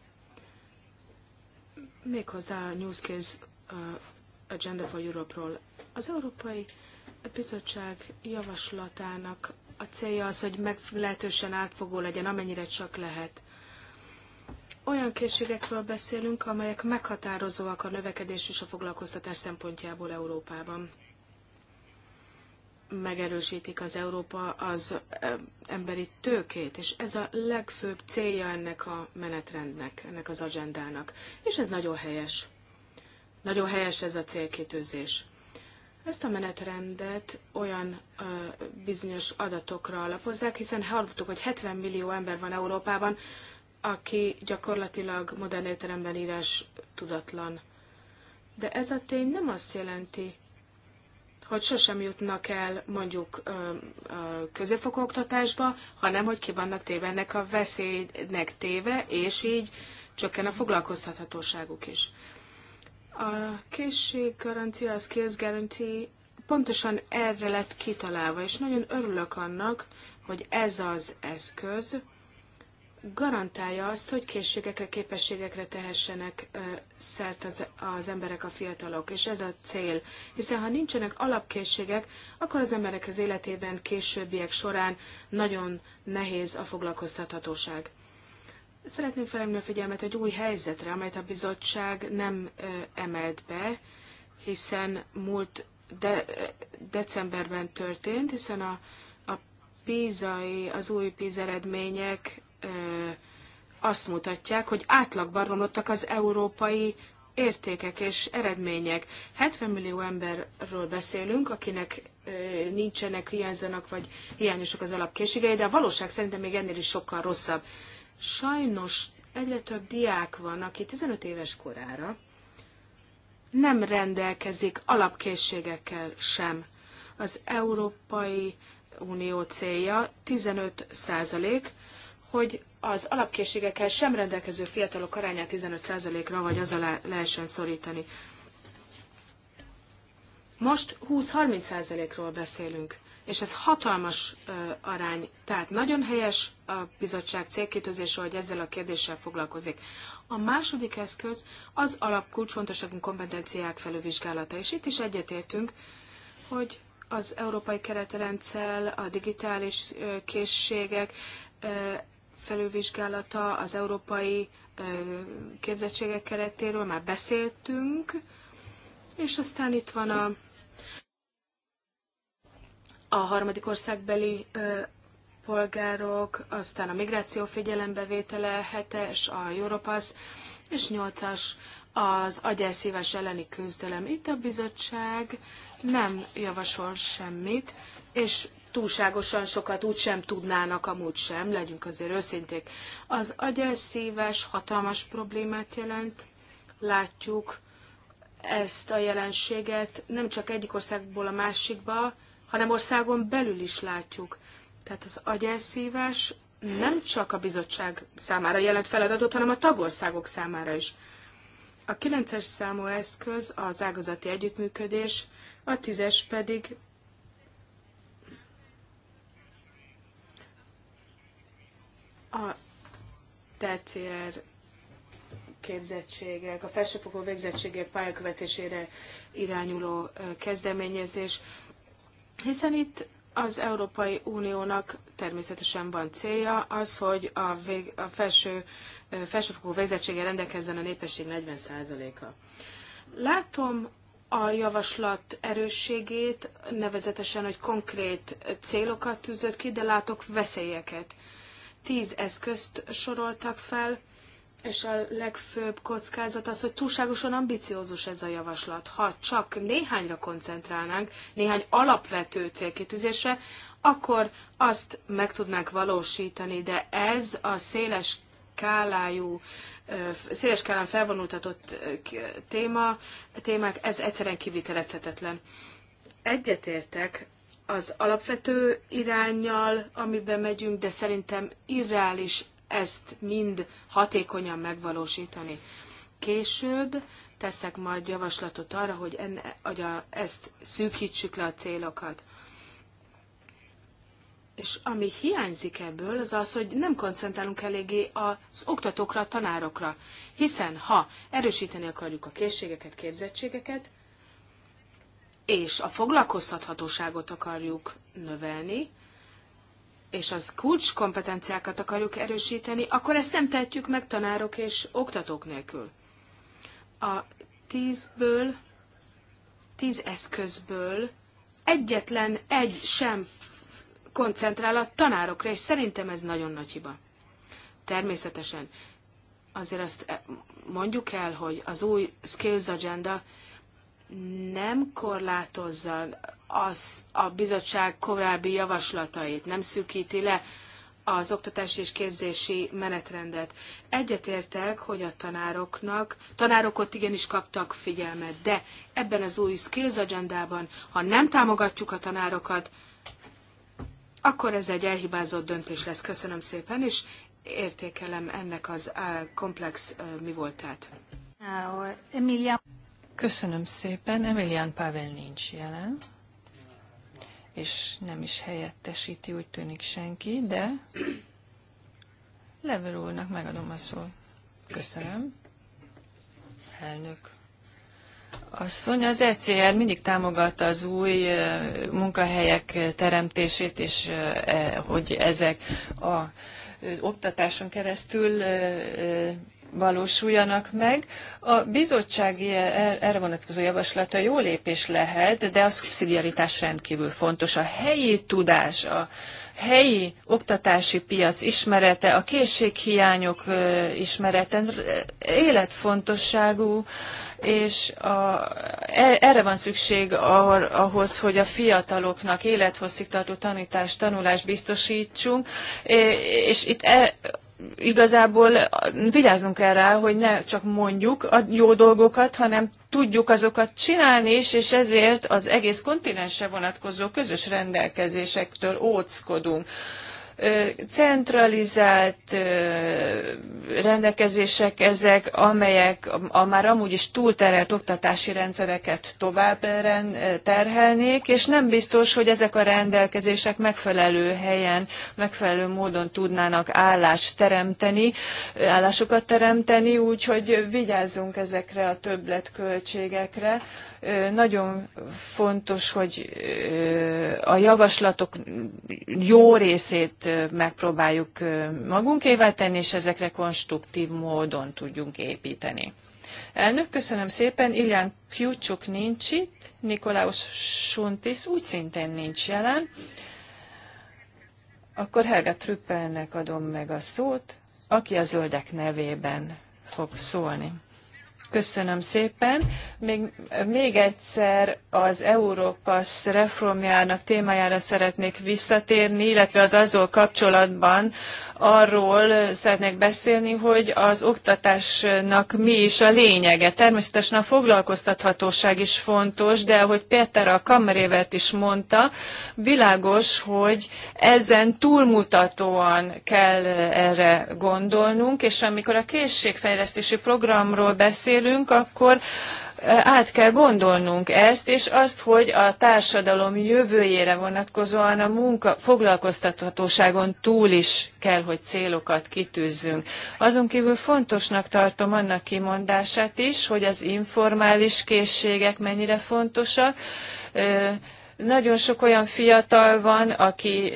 Méghozzá a Newscase uh, Agenda for Europe-ról. Az Európai Bizottság javaslatának a célja az, hogy meglehetősen átfogó legyen, amennyire csak lehet olyan készségekről beszélünk, amelyek meghatározóak a növekedés és a foglalkoztatás szempontjából Európában. Megerősítik az Európa az emberi tőkét, és ez a legfőbb célja ennek a menetrendnek, ennek az agendának. És ez nagyon helyes. Nagyon helyes ez a célkitűzés. Ezt a menetrendet olyan ö, bizonyos adatokra alapozzák, hiszen hallottuk, hogy 70 millió ember van Európában, aki gyakorlatilag modern értelemben írás tudatlan. De ez a tény nem azt jelenti, hogy sosem jutnak el mondjuk középfokú oktatásba, hanem hogy ki vannak téve ennek a veszélynek téve, és így csökken a foglalkoztathatóságuk is. A készséggarancia, a skills guarantee pontosan erre lett kitalálva, és nagyon örülök annak, hogy ez az eszköz garantálja azt, hogy készségekre, képességekre tehessenek szert az, az emberek, a fiatalok. És ez a cél. Hiszen ha nincsenek alapkészségek, akkor az emberek az életében későbbiek során nagyon nehéz a foglalkoztathatóság. Szeretném felemni a figyelmet egy új helyzetre, amelyet a bizottság nem emelt be, hiszen múlt de, decemberben történt, hiszen a, a pízai, az új PISA eredmények azt mutatják, hogy átlagban romlottak az európai értékek és eredmények. 70 millió emberről beszélünk, akinek nincsenek, hiányzanak, vagy hiányosak az alapkészségei, de a valóság szerintem még ennél is sokkal rosszabb. Sajnos egyre több diák van, aki 15 éves korára nem rendelkezik alapkészségekkel sem. Az Európai Unió célja 15 százalék, hogy az alapkészségekkel sem rendelkező fiatalok arányát 15%-ra vagy az alá lehessen szorítani. Most 20-30%-ról beszélünk, és ez hatalmas ö, arány. Tehát nagyon helyes a bizottság célkítőzése, hogy ezzel a kérdéssel foglalkozik. A második eszköz az alapkulcs fontosságú kompetenciák felülvizsgálata, és itt is egyetértünk, hogy az európai keretrendszer, a digitális készségek felülvizsgálata az európai képzettségek keretéről, már beszéltünk, és aztán itt van a, a harmadik országbeli polgárok, aztán a migráció figyelembevétele, hetes, a Europass, és nyolcas az agyelszívás elleni küzdelem. Itt a bizottság nem javasol semmit, és túlságosan sokat úgysem tudnának, amúgy sem, legyünk azért őszinték. Az agyelszívás hatalmas problémát jelent, látjuk ezt a jelenséget nem csak egyik országból a másikba, hanem országon belül is látjuk. Tehát az agyelszívás nem csak a bizottság számára jelent feladatot, hanem a tagországok számára is. A 9-es számú eszköz az ágazati együttműködés, a 10-es pedig a terciár képzettségek, a felsőfokú végzettségek pályakövetésére irányuló kezdeményezés, hiszen itt az Európai Uniónak természetesen van célja az, hogy a, vég, a felső, felsőfokú végzettséggel rendelkezzen a népesség 40%-a. Látom a javaslat erősségét, nevezetesen, hogy konkrét célokat tűzött ki, de látok veszélyeket tíz eszközt soroltak fel, és a legfőbb kockázat az, hogy túlságosan ambiciózus ez a javaslat. Ha csak néhányra koncentrálnánk, néhány alapvető célkitűzésre, akkor azt meg tudnánk valósítani, de ez a széles skálájú, széles skálán felvonultatott téma, témák, ez egyszerűen kivitelezhetetlen. Egyetértek az alapvető irányjal, amiben megyünk, de szerintem irreális ezt mind hatékonyan megvalósítani. Később teszek majd javaslatot arra, hogy, enne, hogy a, ezt szűkítsük le a célokat. És ami hiányzik ebből, az az, hogy nem koncentrálunk eléggé az oktatókra, a tanárokra. Hiszen ha erősíteni akarjuk a készségeket, képzettségeket, és a foglalkoztathatóságot akarjuk növelni, és az kulcs kompetenciákat akarjuk erősíteni, akkor ezt nem tehetjük meg tanárok és oktatók nélkül. A tízből, tíz eszközből egyetlen egy sem koncentrál a tanárokra, és szerintem ez nagyon nagy hiba. Természetesen azért azt mondjuk el, hogy az új Skills Agenda nem korlátozza az a bizottság korábbi javaslatait, nem szűkíti le az oktatási és képzési menetrendet. Egyetértek, hogy a tanároknak, tanárok ott igenis kaptak figyelmet, de ebben az új skills agendában, ha nem támogatjuk a tanárokat, akkor ez egy elhibázott döntés lesz. Köszönöm szépen, és értékelem ennek az eh, komplex eh, mi voltát. Emilia. Köszönöm szépen. Emilian Pavel nincs jelen, és nem is helyettesíti, úgy tűnik senki, de Lever úrnak megadom a szót. Köszönöm. Elnök asszony, az ECR mindig támogatta az új munkahelyek teremtését, és e, hogy ezek a oktatáson keresztül valósuljanak meg. A bizottsági er, erre vonatkozó javaslata jó lépés lehet, de a szubszidiaritás rendkívül fontos. A helyi tudás, a helyi oktatási piac ismerete, a készséghiányok ismerete életfontosságú, és a, e, erre van szükség ahhoz, hogy a fiataloknak élethosszígtartó tanítást, tanulást biztosítsunk, és itt e, igazából vigyázzunk kell rá, hogy ne csak mondjuk a jó dolgokat, hanem tudjuk azokat csinálni is, és ezért az egész kontinensre vonatkozó közös rendelkezésektől óckodunk centralizált rendelkezések ezek, amelyek a már amúgy is túlterelt oktatási rendszereket tovább terhelnék, és nem biztos, hogy ezek a rendelkezések megfelelő helyen, megfelelő módon tudnának állást teremteni, állásokat teremteni, úgyhogy vigyázzunk ezekre a többletköltségekre nagyon fontos, hogy a javaslatok jó részét megpróbáljuk magunkévá tenni, és ezekre konstruktív módon tudjunk építeni. Elnök, köszönöm szépen. ilyen Kjucsuk nincs itt, Nikolaus Suntis úgy szintén nincs jelen. Akkor Helga Trüppelnek adom meg a szót, aki a zöldek nevében fog szólni. Köszönöm szépen. Még, még egyszer az Európasz reformjának témájára szeretnék visszatérni, illetve az azzal kapcsolatban arról szeretnék beszélni, hogy az oktatásnak mi is a lényege. Természetesen a foglalkoztathatóság is fontos, de ahogy Péter a kamerévet is mondta, világos, hogy ezen túlmutatóan kell erre gondolnunk, és amikor a készségfejlesztési programról beszél, beszélünk, akkor át kell gondolnunk ezt, és azt, hogy a társadalom jövőjére vonatkozóan a munka foglalkoztathatóságon túl is kell, hogy célokat kitűzzünk. Azon kívül fontosnak tartom annak kimondását is, hogy az informális készségek mennyire fontosak, nagyon sok olyan fiatal van, aki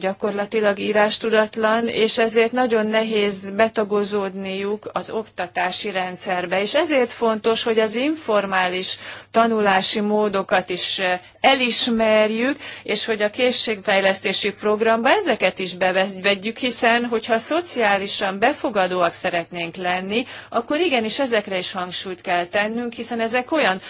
gyakorlatilag írástudatlan, és ezért nagyon nehéz betagozódniuk az oktatási rendszerbe. És ezért fontos, hogy az informális tanulási módokat is elismerjük, és hogy a készségfejlesztési programba ezeket is bevegyük, hiszen hogyha szociálisan befogadóak szeretnénk lenni, akkor igenis ezekre is hangsúlyt kell tennünk, hiszen ezek olyan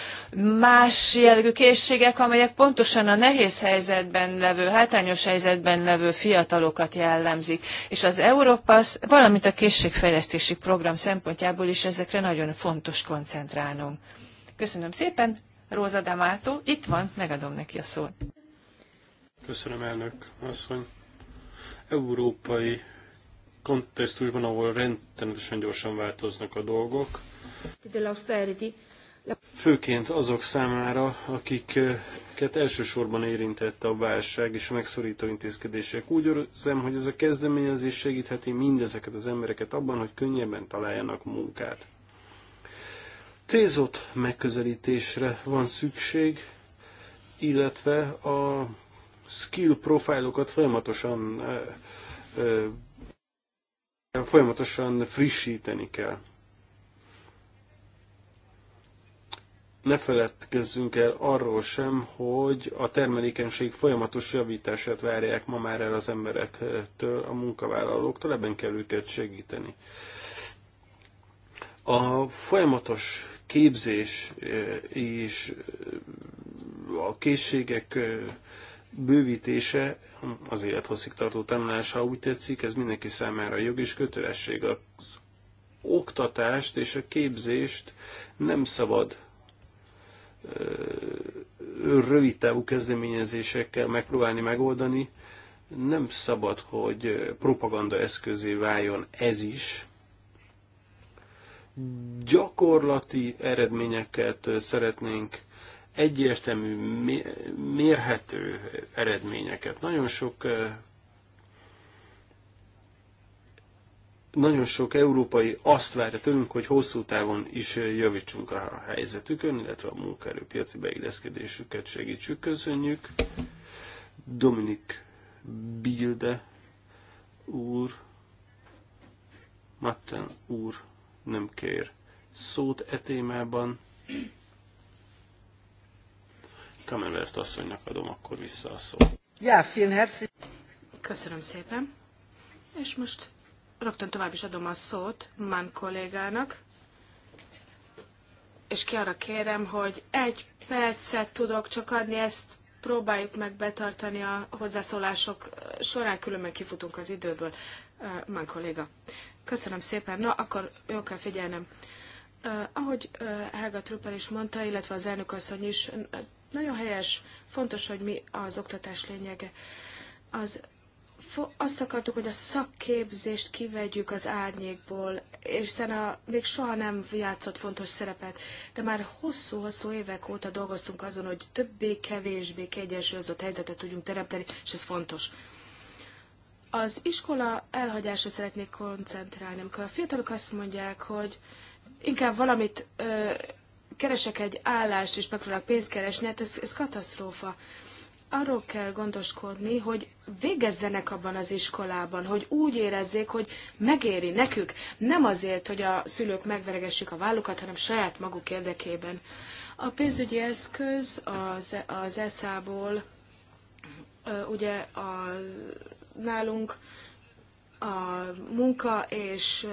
más jellegű készségek, amelyek pontosan különösen a nehéz helyzetben levő, hátrányos helyzetben levő fiatalokat jellemzik. És az Európasz, valamint a készségfejlesztési program szempontjából is ezekre nagyon fontos koncentrálnunk. Köszönöm szépen, Róza Damátó, itt van, megadom neki a szót. Köszönöm, elnök asszony. Európai kontextusban, ahol rendszeresen gyorsan változnak a dolgok. Főként azok számára, akiket elsősorban érintette a válság és a megszorító intézkedések. Úgy érzem, hogy ez a kezdeményezés segítheti mindezeket az embereket abban, hogy könnyebben találjanak munkát. Célzott megközelítésre van szükség, illetve a skill profilokat folyamatosan eh, eh, folyamatosan frissíteni kell. ne feledkezzünk el arról sem, hogy a termelékenység folyamatos javítását várják ma már el az emberektől, a munkavállalóktól, ebben kell őket segíteni. A folyamatos képzés eh, és eh, a készségek eh, bővítése, az élethosszig tartó tanulás, ha úgy tetszik, ez mindenki számára jog és kötelesség. Az oktatást és a képzést nem szabad rövid távú kezdeményezésekkel megpróbálni megoldani. Nem szabad, hogy propaganda eszközé váljon ez is. Gyakorlati eredményeket szeretnénk, egyértelmű, mérhető eredményeket. Nagyon sok nagyon sok európai azt várja tőlünk, hogy hosszú távon is javítsunk a helyzetükön, illetve a munkaerőpiaci beilleszkedésüket segítsük. Köszönjük. Dominik Bilde úr, Matten úr nem kér szót e témában. Kamenvert asszonynak adom akkor vissza a szót. Ja, vielen herzlich. Köszönöm szépen. És most Rögtön tovább is adom a szót Mann kollégának, és ki arra kérem, hogy egy percet tudok csak adni, ezt próbáljuk meg betartani a hozzászólások során, különben kifutunk az időből. Mann kolléga. Köszönöm szépen. Na, akkor jó kell figyelnem. Ahogy Helga Truppel is mondta, illetve az elnök asszony is, nagyon helyes, fontos, hogy mi az oktatás lényege. Az azt akartuk, hogy a szakképzést kivegyük az árnyékból, és hiszen a, még soha nem játszott fontos szerepet, de már hosszú-hosszú évek óta dolgoztunk azon, hogy többé-kevésbé kiegyensúlyozott helyzetet tudjunk teremteni, és ez fontos. Az iskola elhagyásra szeretnék koncentrálni, amikor a fiatalok azt mondják, hogy inkább valamit ö, keresek egy állást, és megpróbálok pénzt keresni, hát ez, ez katasztrófa arról kell gondoskodni, hogy végezzenek abban az iskolában, hogy úgy érezzék, hogy megéri nekük, nem azért, hogy a szülők megveregessük a vállukat, hanem saját maguk érdekében. A pénzügyi eszköz az, az ESZÁ-ból, ugye a, nálunk a munka és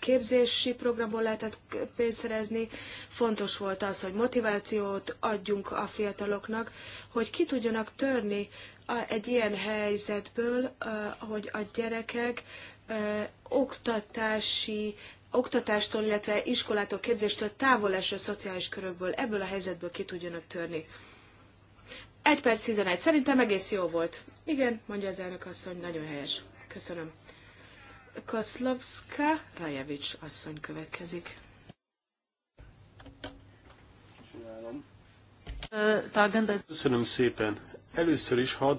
képzési programból lehetett pénzt szerezni. Fontos volt az, hogy motivációt adjunk a fiataloknak, hogy ki tudjanak törni egy ilyen helyzetből, hogy a gyerekek oktatási oktatástól, illetve iskolától, képzéstől távol eső szociális körökből, ebből a helyzetből ki tudjanak törni. Egy perc 11. Szerintem egész jó volt. Igen, mondja az elnök asszony, nagyon helyes. Köszönöm. Koszlovska Rajevics asszony következik. Köszönöm szépen. Először is hadd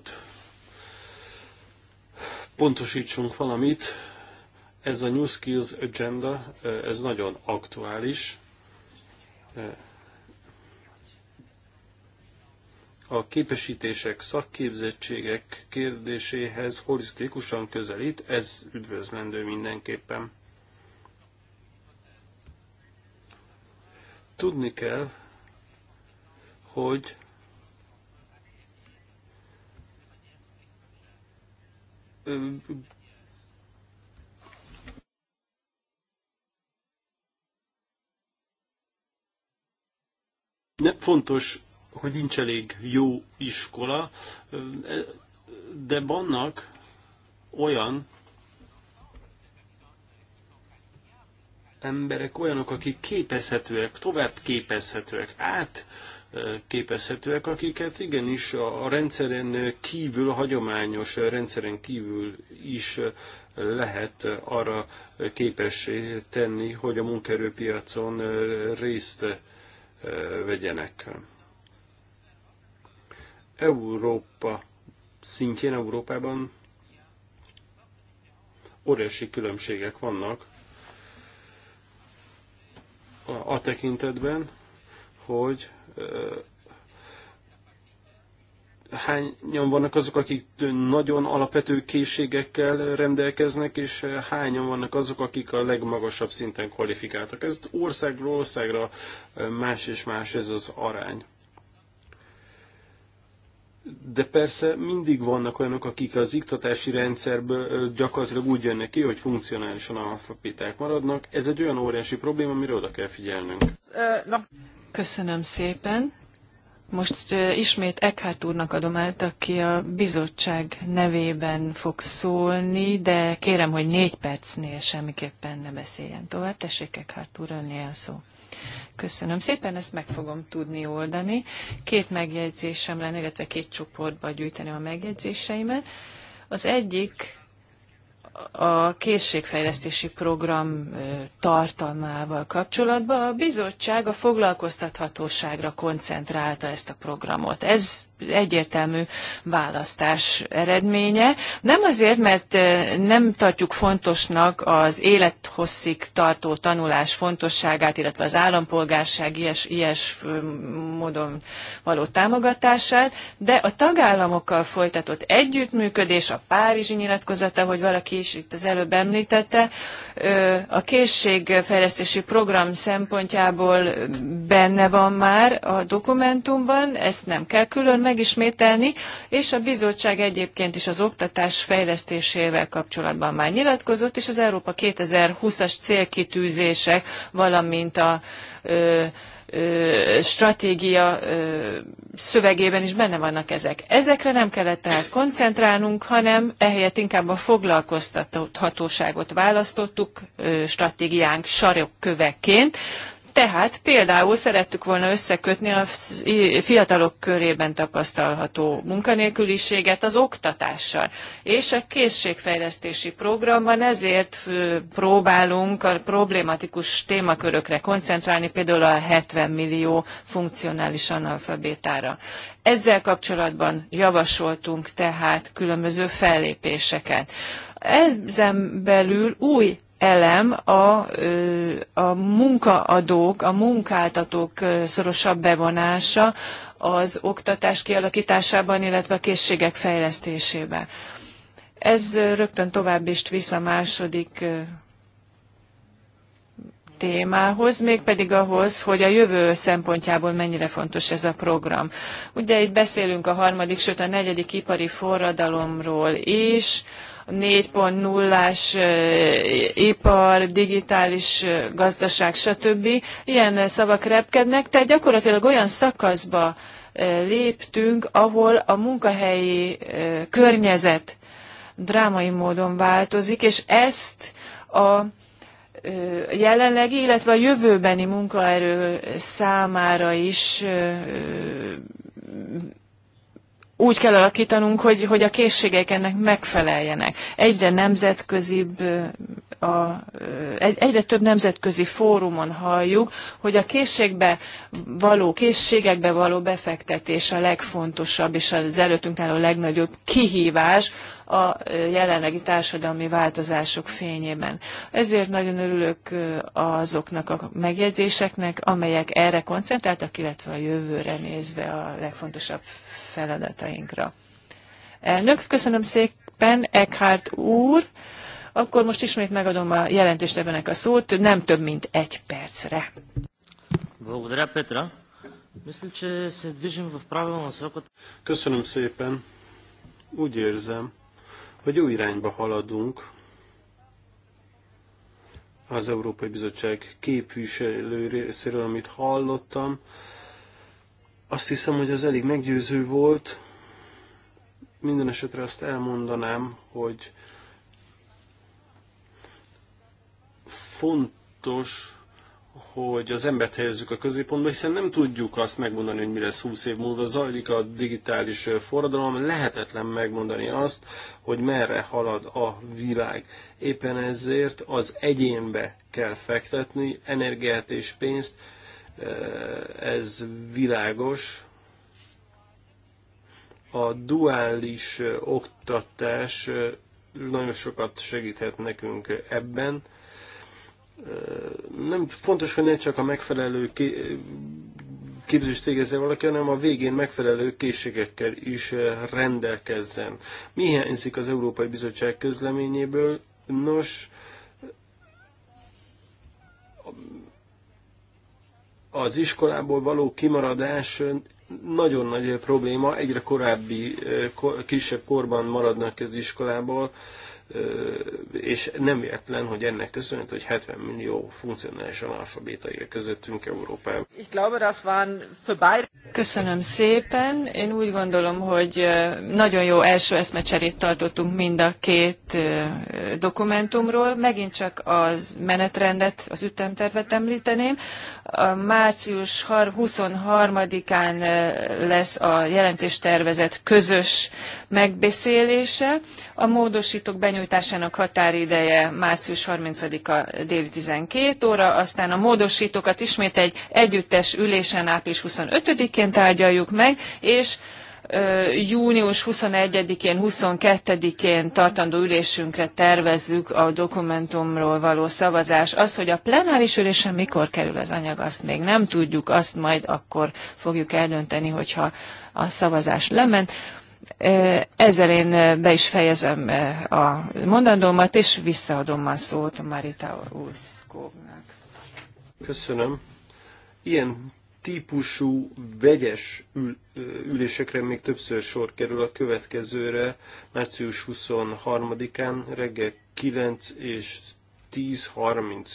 pontosítsunk valamit. Ez a New Skills Agenda, ez nagyon aktuális a képesítések, szakképzettségek kérdéséhez holisztikusan közelít, ez üdvözlendő mindenképpen. Tudni kell, hogy ne, fontos hogy nincs elég jó iskola, de vannak olyan emberek, olyanok, akik képezhetőek, tovább képezhetőek, át képezhetőek, akiket igenis a rendszeren kívül, a hagyományos rendszeren kívül is lehet arra képessé tenni, hogy a munkaerőpiacon részt vegyenek. Európa szintjén, Európában óriási különbségek vannak a tekintetben, hogy hányan vannak azok, akik nagyon alapvető készségekkel rendelkeznek, és hányan vannak azok, akik a legmagasabb szinten kvalifikáltak. Ez országról országra más és más ez az arány de persze mindig vannak olyanok, akik az iktatási rendszerből gyakorlatilag úgy jönnek ki, hogy funkcionálisan analfabéták maradnak. Ez egy olyan óriási probléma, amire oda kell figyelnünk. Köszönöm szépen. Most ismét Eckhart úrnak adom át, aki a bizottság nevében fog szólni, de kérem, hogy négy percnél semmiképpen ne beszéljen tovább. Tessék Eckhart úr, önnél a szó. Köszönöm szépen, ezt meg fogom tudni oldani. Két megjegyzésem lenne, illetve két csoportba gyűjteni a megjegyzéseimet. Az egyik a készségfejlesztési program tartalmával kapcsolatban a bizottság a foglalkoztathatóságra koncentrálta ezt a programot. Ez egyértelmű választás eredménye. Nem azért, mert eh, nem tartjuk fontosnak az élethosszig tartó tanulás fontosságát, illetve az állampolgárság ilyes, ilyes módon való támogatását, de a tagállamokkal folytatott együttműködés, a Párizsi nyilatkozata, hogy valaki is itt az előbb említette, a készségfejlesztési program szempontjából benne van már a dokumentumban, ezt nem kell külön megismételni, és a bizottság egyébként is az oktatás fejlesztésével kapcsolatban már nyilatkozott, és az Európa 2020-as célkitűzések, valamint a ö, ö, stratégia ö, szövegében is benne vannak ezek. Ezekre nem kellett tehát koncentrálnunk, hanem ehelyett inkább a foglalkoztathatóságot választottuk ö, stratégiánk sarokköveként, tehát például szerettük volna összekötni a fiatalok körében tapasztalható munkanélküliséget az oktatással. És a készségfejlesztési programban ezért próbálunk a problématikus témakörökre koncentrálni, például a 70 millió funkcionális analfabétára. Ezzel kapcsolatban javasoltunk tehát különböző fellépéseket. Ezen belül új elem a, a munkaadók, a munkáltatók szorosabb bevonása az oktatás kialakításában, illetve a készségek fejlesztésében. Ez rögtön tovább is visz a második témához, mégpedig ahhoz, hogy a jövő szempontjából mennyire fontos ez a program. Ugye itt beszélünk a harmadik, sőt a negyedik ipari forradalomról is, 4.0-as ipar, digitális gazdaság, stb. Ilyen szavak repkednek, tehát gyakorlatilag olyan szakaszba léptünk, ahol a munkahelyi környezet drámai módon változik, és ezt a jelenlegi, illetve a jövőbeni munkaerő számára is úgy kell alakítanunk, hogy, hogy a készségek ennek megfeleljenek. Egyre nemzetközibb, a, egyre több nemzetközi fórumon halljuk, hogy a készségbe való, készségekbe való befektetés a legfontosabb és az előttünk álló legnagyobb kihívás a jelenlegi társadalmi változások fényében. Ezért nagyon örülök azoknak a megjegyzéseknek, amelyek erre koncentráltak, illetve a jövőre nézve a legfontosabb feladatainkra. Elnök, köszönöm szépen, Eckhart úr. Akkor most ismét megadom a ebbenek a szót, nem több, mint egy percre. Köszönöm szépen. Úgy érzem, hogy új irányba haladunk. Az Európai Bizottság képviselő részéről, amit hallottam, azt hiszem, hogy az elég meggyőző volt. Minden esetre azt elmondanám, hogy fontos, hogy az embert helyezzük a középpontba, hiszen nem tudjuk azt megmondani, hogy mi lesz 20 év múlva. Zajlik a digitális forradalom, lehetetlen megmondani azt, hogy merre halad a világ. Éppen ezért az egyénbe kell fektetni energiát és pénzt, ez világos. A duális oktatás nagyon sokat segíthet nekünk ebben. Nem fontos, hogy ne csak a megfelelő képzést végezze valaki, hanem a végén megfelelő készségekkel is rendelkezzen. Mi hiányzik az Európai Bizottság közleményéből? Nos, az iskolából való kimaradás nagyon nagy probléma, egyre korábbi, eh, kisebb korban maradnak az iskolából, és nem véletlen, hogy ennek köszönhető, hogy 70 millió funkcionális analfabéta él közöttünk Európában. Köszönöm szépen. Én úgy gondolom, hogy nagyon jó első eszmecserét tartottunk mind a két dokumentumról. Megint csak az menetrendet, az ütemtervet említeném. A március 23-án lesz a jelentéstervezet közös megbeszélése. A módosítók benyújtása benyújtásának határideje március 30-a déli 12 óra, aztán a módosítókat ismét egy együttes ülésen április 25-én tárgyaljuk meg, és június 21-én, 22-én tartandó ülésünkre tervezzük a dokumentumról való szavazás. Az, hogy a plenáris ülésen mikor kerül az anyag, azt még nem tudjuk, azt majd akkor fogjuk eldönteni, hogyha a szavazás lement. Ezzel én be is fejezem a mondandómat, és visszaadom a szót a Marita Ulszkóvnak. Köszönöm. Ilyen típusú vegyes ül, ülésekre még többször sor kerül a következőre, március 23-án reggel 9 és 10.30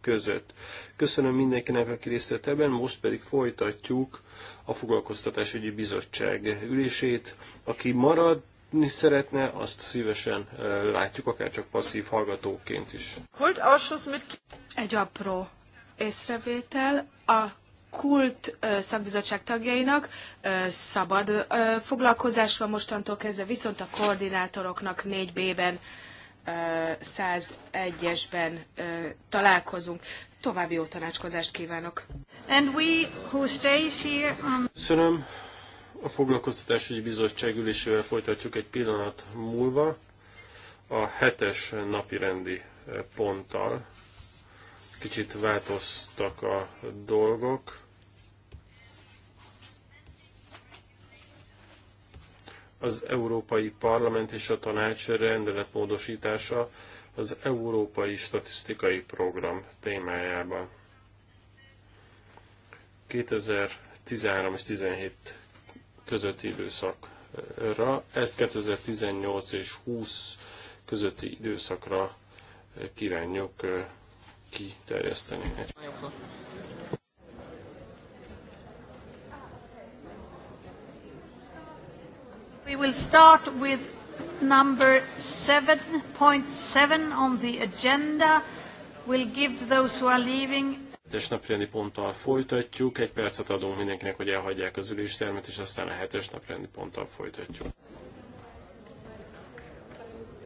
között. Köszönöm mindenkinek, aki részt vett ebben, most pedig folytatjuk a Foglalkoztatásügyi Bizottság ülését. Aki marad, szeretne, azt szívesen látjuk, akár csak passzív hallgatóként is. Egy apró észrevétel. A kult szakbizottság tagjainak szabad foglalkozás van mostantól kezdve, viszont a koordinátoroknak 4B-ben 101-esben találkozunk. További jó tanácskozást kívánok! And we who stays here on... Um, Köszönöm. A foglalkoztatási bizottság ülésével folytatjuk egy pillanat múlva a hetes napi rendi ponttal. Kicsit változtak a dolgok. az Európai Parlament és a Tanács rendeletmódosítása az Európai Statisztikai Program témájában. 2013 és 17 közötti időszakra, ezt 2018 és 20 közötti időszakra kívánjuk kiterjeszteni. We will start with number 7.7 on the agenda. We'll give those who are leaving hetes napirendi ponttal folytatjuk. Egy percet adunk mindenkinek, hogy elhagyják az üléstermet, és aztán a hetes napirendi ponttal folytatjuk.